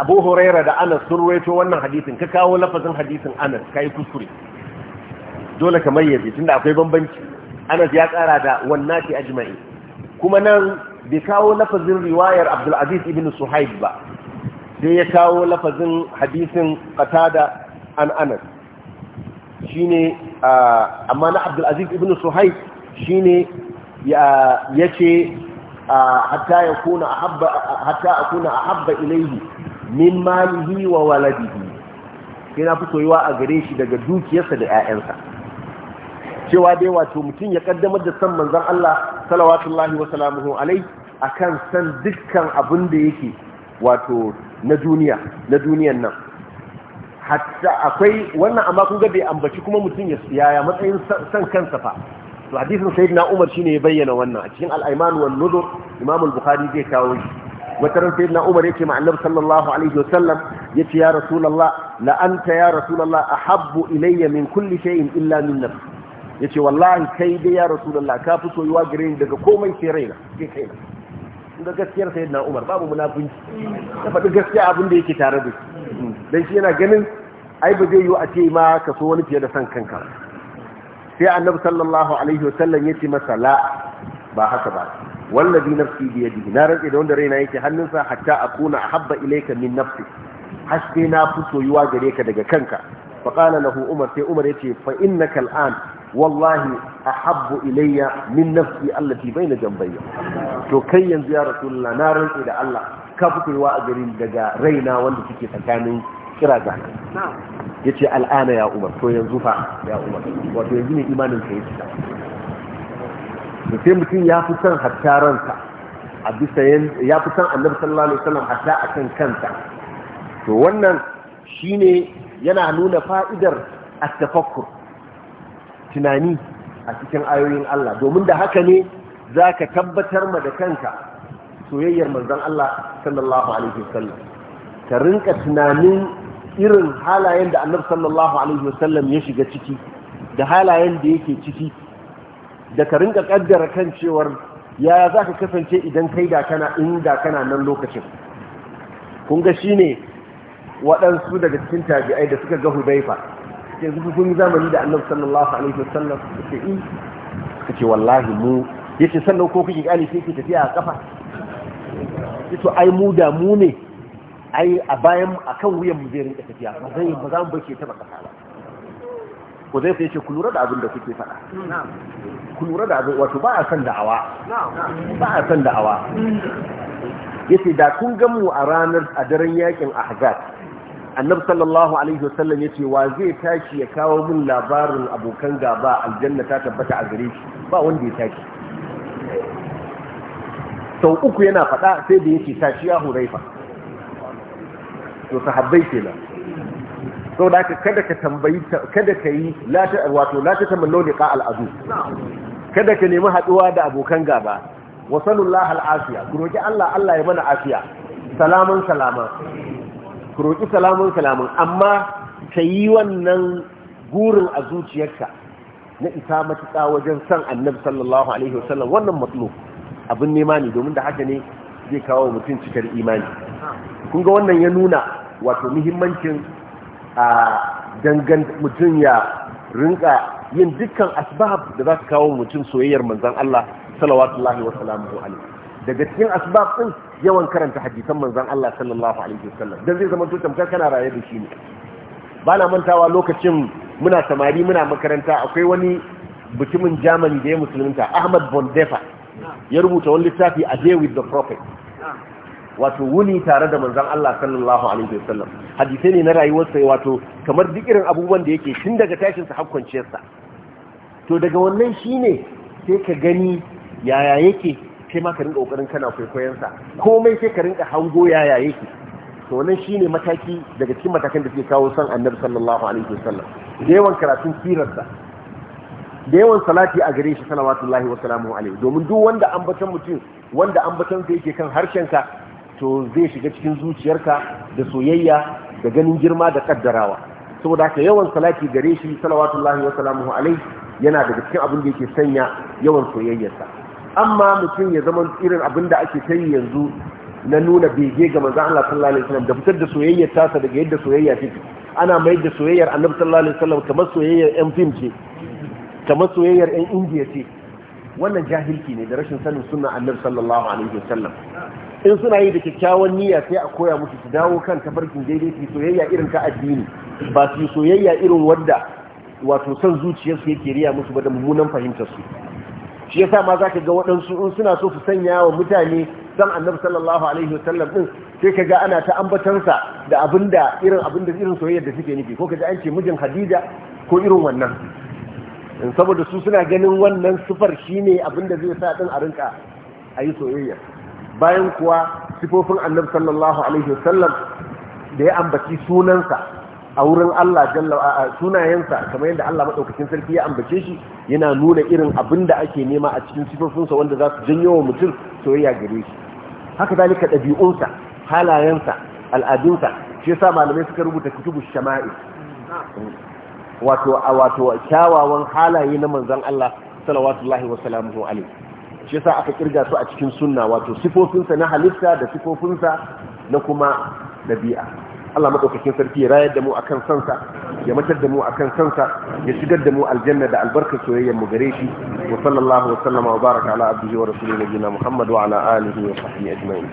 abu huraira da anas sun ruwaito wannan hadisin ka kawo lafazin hadisin anas kai kuskure dole ka mayyaze tunda akwai bambanci anas ya tsara da wannati ajma'i kuma nan bai kawo lafazin riwayar abdul aziz ibn suhaib ba sai ya kawo lafazin hadisin qatada an anas shine amma na abdulaziz ibn suhaib shine ya ce hatta ya kuna ahabba hatta akuna ahabba ilayhi min malihi wa waladihi sai na fito yiwa a gare shi daga dukiyarsa da 'ya'yansa cewa dai wato mutum ya kaddamar da san manzon Allah salawatullahi wa salamuhu alai akan san dukkan abin da yake wato na duniya na duniyan nan hatta akwai wannan amma kun ga bai ambaci kuma mutum ya yaya matsayin san kansa fa to hadisin sayyidina Umar shine ya bayyana wannan a cikin al-Aiman wal Nudur Imam al-Bukhari zai kawo shi wata ran sayyidina Umar yake ma Annabi sallallahu alaihi Sallam, yace ya Rasulullah la anta ya Rasulullah ahabbu ilayya min kulli shay'in illa min nafsi yace wallahi kai dai ya Rasulullah ka fi soyuwa gare ni daga komai sai raina sai kaina ga gaskiyar sayyidina Umar babu munafinci ya faɗi gaskiya abin da yake tare da shi dan shi yana ganin ai ba zai yi a ce ma ka so wani fiye da san kanka sai annabi sallallahu alaihi wasallam yace masa la ba haka ba wallazi nafsi bi yadihi na rantsi da wanda raina yake hannunsa hatta akuna ahabba ilayka min nafsi haske na fi soyuwa gare ka daga kanka fa qala lahu umar sai umar yace fa innaka al'an wallahi ahabbu ilaiya min nafsi allati baina jambayya to kai yanzu ya rasulullah na rantsa da Allah ka fitarwa a garin daga raina wanda kike tsakanin kira ga yace al'ana ya umar to yanzu ya umar yanzu ne imanin ka mutum ya fi son hatta a bisa ya fi son annabi sallallahu alaihi wasallam hatta akan kansa to wannan shine yana nuna fa'idar at-tafakkur tunani a cikin ayoyin Allah domin da haka ne za ka tabbatar ma da kanka soyayyar manzon Allah sallallahu alaihi wasallam ka rinka tunanin irin halayen da annabi sallallahu alaihi wasallam ya shiga ciki da halayen da yake ciki da ka rinka kaddara kan cewar ya za ka kasance idan kai da kana inda kana nan lokacin kun ga shine waɗansu daga cikin tabi'ai da suka ga hudaifa yanzu kun yi zamani da annabi sallallahu alaihi wasallam ce in kace wallahi mu yace sannan ko kuke gani sai ke tafiya a kafa to ai mu da mu ne ai a bayan akan wuyan mu zai rinka tafiya ba zai ba za mu bace ta baka ba ko zai sai ce ku lura da abin da kuke faɗa ku lura da abin wato ba a san da'awa ba a san da'awa yace da kun gan mu a ranar a daren yakin ahzab annabi sallallahu alaihi wasallam yace wa zai tashi ya kawo min labarin abokan gaba aljanna ta tabbata a gare shi ba wanda ya tashi sau uku yana faɗa sai da yake tashi ya huraifa to sahabbai kenan sau da aka kada ka tambayi kada ka yi wato la ta tamanno liqa al'adu kada ka nemi haɗuwa da abokan gaba wasallallahu al'afiya ku roki Allah Allah ya mana afiya salaman salama ku roƙi salamun salamun amma ka yi wannan gurin a zuciyarka na isa matuƙa wajen san annabi sallallahu alaihi wasallam wannan matsalo abin nema ne domin da haka ne zai kawo mutum cikar imani kun ga wannan ya nuna wato muhimmancin a dangan mutum ya rinka yin dukkan asbab da za su kawo mutum soyayyar manzan Allah sallallahu alaihi wasallam daga cikin asbab ɗin yawan karanta hadisan manzon Allah sallallahu alaihi wasallam dan zai zama to tamkar kana raye da shi ne bana mantawa lokacin muna samari muna makaranta akwai wani mutumin Germany da ya musulunta Ahmad Bondefa ya rubuta wani littafi a day with the prophet wato wuni tare da manzon Allah sallallahu alaihi wasallam hadisai ne na rayuwarsa wato kamar duk irin abubuwan da yake tun daga tashin sa har kwanciyarsa to daga wannan shine sai ka gani yaya yake kai ma ka rinka kokarin kana kwaikwayon sa komai sai ka rinka hango yaya yake to wannan shine mataki daga cikin matakan da suke kawo san annabi sallallahu alaihi wasallam da yawan karatun sa da yawan salati a gare shi salawatullahi wa salamu domin duk wanda an batan mutum wanda ambaton sa yake kan ka to zai shiga cikin zuciyarka da soyayya da ganin girma da kaddarawa saboda haka yawan salati gare shi salawatullahi wa salamu yana daga cikin abin da yake sanya yawan soyayyarsa amma mutum ya zama irin abin da ake kai yanzu na nuna bege ga manzan Allah sallallahu alaihi wasallam da fitar da soyayyar tasa daga yadda soyayya take ana mai da soyayyar annabi sallallahu alaihi wasallam kamar soyayyar yan fim ce kamar soyayyar yan ce wannan jahilki ne da rashin sanin suna annabi sallallahu alaihi wasallam in suna yi da kyakkyawan niyya sai a koya musu su dawo kan tafarkin daidai su soyayya irin ta addini ba su soyayya irin wadda wato son zuciyarsu yake riya musu ba da mummunan fahimtar su shi yasa ma zaka ga waɗansu in suna so su sanya wa mutane san annabi sallallahu alaihi wasallam din sai kaga ana ta ambatansa da abinda irin abinda irin soyayya da suke nufi ko kaga an ce mijin Khadija ko irin wannan saboda su suna ganin wannan sifar shine abinda zai sa din a rinka ayi soyayya bayan kuwa sifofin annabi sallallahu alaihi wasallam da ya ambaci sunansa a wurin Allah jalla a sunayensa kamar yadda Allah Maɗaukacin sarki ya ambace shi yana nuna irin abin da ake nema a cikin sifofinsa wanda za su janyo wa mutum soyayya gare shi haka zalika ɗabi'unsa halayensa al'adunsa shi yasa malamai suka rubuta kutubu shama'i wato a wato kyawawan halaye na manzon Allah sallallahu wa sallamu shi yasa aka kirga su a cikin sunna wato sifofinsa na halitta da sifofinsa na kuma dabi'a Allah madaukakin sarki ya rayar da mu akan sansa ya matar da mu akan sansa ya shigar da mu aljanna da albarkar soyayyar mu gare shi wa sallallahu wa sallama wa baraka ala abdihi wa rasulihi nabiyina Muhammad wa ala alihi wa sahbihi ajma'in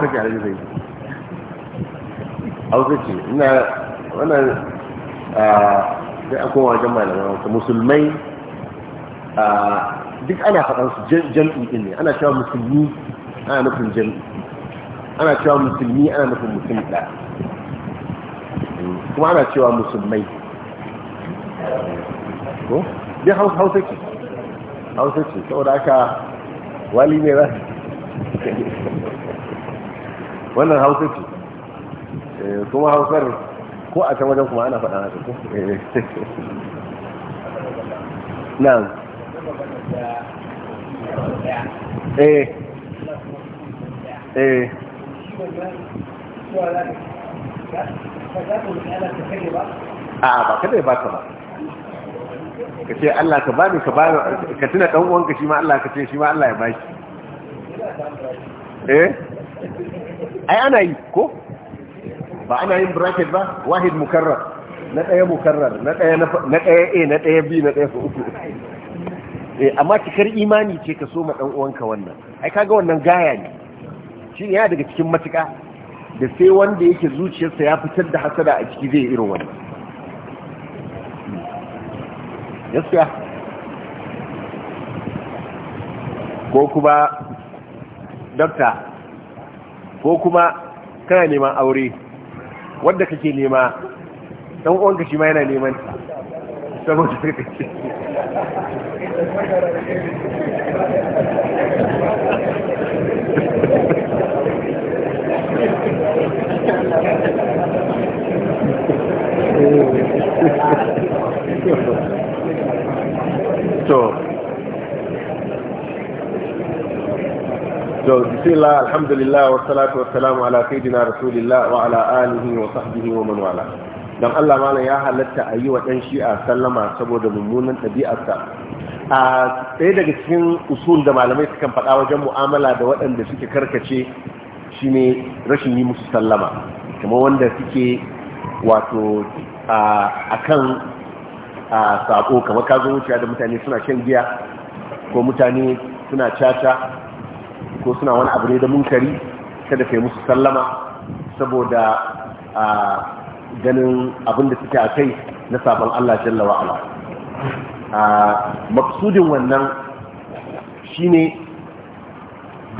kake ke zai zai hausa ce ina wannan da akwai wajen malaman wata musulmai duk ana faɗan su jam'i ɗin ne ana cewa musulmi ana nufin jam'i ana cewa musulmi ana nufin mutum ɗa kuma ana cewa musulmai ko bi hausa ce hausa ce saboda aka wali ne ba wannan hausa ce eh, kuma hausar ko a can wajen kuma ana faɗa haka ko eh. na'am eh eh a ba kada ba ka ba ka ce Allah ka bani ka bani ka tuna ɗan uwanka shi ma Allah ka ce shi ma Allah ya shi eh ai ana yi ko ba ana yin bracket ba wahid mukarrar na ɗaya mukarrar na ɗaya a na ɗaya b na ɗaya uku eh, amma cikar imani ce ka so ma ɗan uwanka wannan ai kaga wannan gaya ne shi yana daga cikin matuƙa da sai wanda yake zuciyarsa ya fitar da hasada a ciki zai irin wannan gaskiya hmm. ko kuma dokta ko kuma kana neman aure wadda kake nema dan uwanka shi ma yana neman ta saboda kake to to bismillah alhamdulillah wa salatu wa salamu ala rasulillah wa ala alihi wa sahbihi dan Allah malam ya halatta a yi wa dan shi'a sallama saboda mummunan tabi'arsa a ɗaya daga cikin usul da malamai sukan faɗa wajen mu'amala da waɗanda suke karkace shine rashin yi musu sallama kuma wanda suke wato a kan sako kamar ka zo wuciya da mutane suna shan giya ko mutane suna caca ko suna wani abu ne da munkari kada kai musu sallama saboda a ganin abin da suke a kai na sabon Allah jalla wa'ala a maksudin wannan shine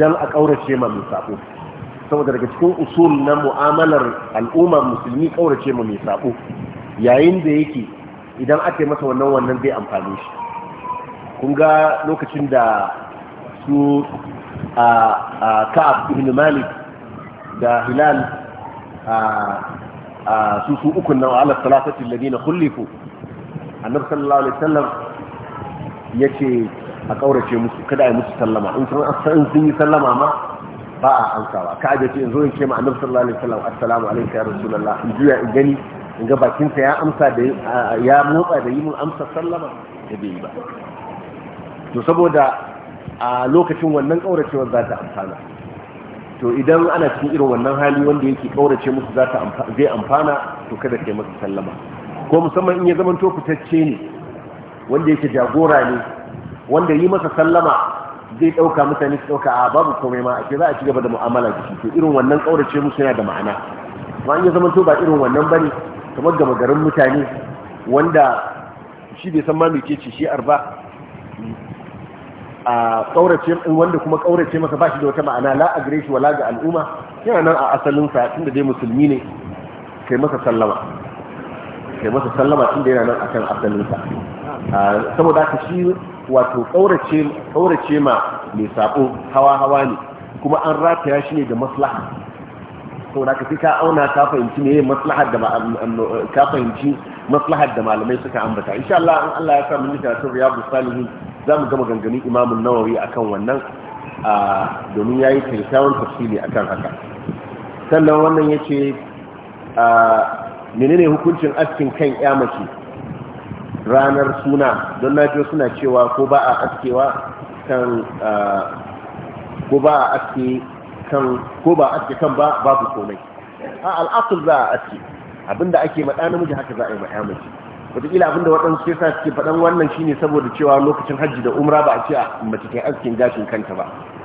dan a kaurace ma mai sabo saboda daga cikin usul na mu'amalar al'ummar musulmi kaurace ma mai sabo yayin da yake idan aka yi masa wannan wannan zai amfani shi kun ga lokacin da su ka'ab ibn malik da hilal a su su uku nan ala salatati alladina khulifu annabi sallallahu alaihi wasallam yace a kaurace musu kada ai musu sallama in sun sun yi sallama ma ba a ansawa ka aje ce in zo in ce ma annabi sallallahu alaihi wasallam assalamu alayka ya rasulullah in juya in gani in ga bakin sa ya amsa da ya motsa da yi mun amsa sallama da bai yi ba to saboda a lokacin wannan kauracewar za ta amfana to idan ana cikin irin wannan hali wanda yake kaurace musu za ta zai amfana to kada kai musu sallama ko musamman in ya zama to fitacce ne wanda yake jagora ne wanda yi masa sallama zai dauka mutane su dauka a babu komai ma ake za a ci gaba da mu'amala da shi to irin wannan kaurace musu yana da ma'ana amma in ya zama to ba irin wannan bane kamar gama garin mutane wanda shi bai san ma mece ce shi arba a kaurace wanda kuma kaurace masa ba shi da wata ma'ana la a gare shi wala ga al'umma yana nan a asalin sa tunda dai musulmi ne kai masa sallama kai masa sallama tunda yana nan akan asalin sa saboda haka shi wato kaurace kaurace ma mai sabo hawa hawa ne kuma an rataya shi ne da maslaha saboda haka sai ka auna ka fahimci ne maslaha da ka fahimci maslahar da malamai suka ambata insha Allah an Allah ya sa mun nika tun riyadu salihin zamu gama gangamin imamun nawawi akan wannan a domin yayi tilkawan tafsiri akan haka sannan wannan yace a menene hukuncin askin kan ya mace ranar suna don na suna cewa ko ba a askewa kan ko ba a aske kan ko ba aske kan ba babu komai a al'aqul za a aske abinda ake ma namiji haka za a yi maɗa mace wataƙila abinda waɗansu ke sa suke faɗan wannan shi ne saboda cewa lokacin hajji da umra ba a ce a mace ta askin gashin kanta ba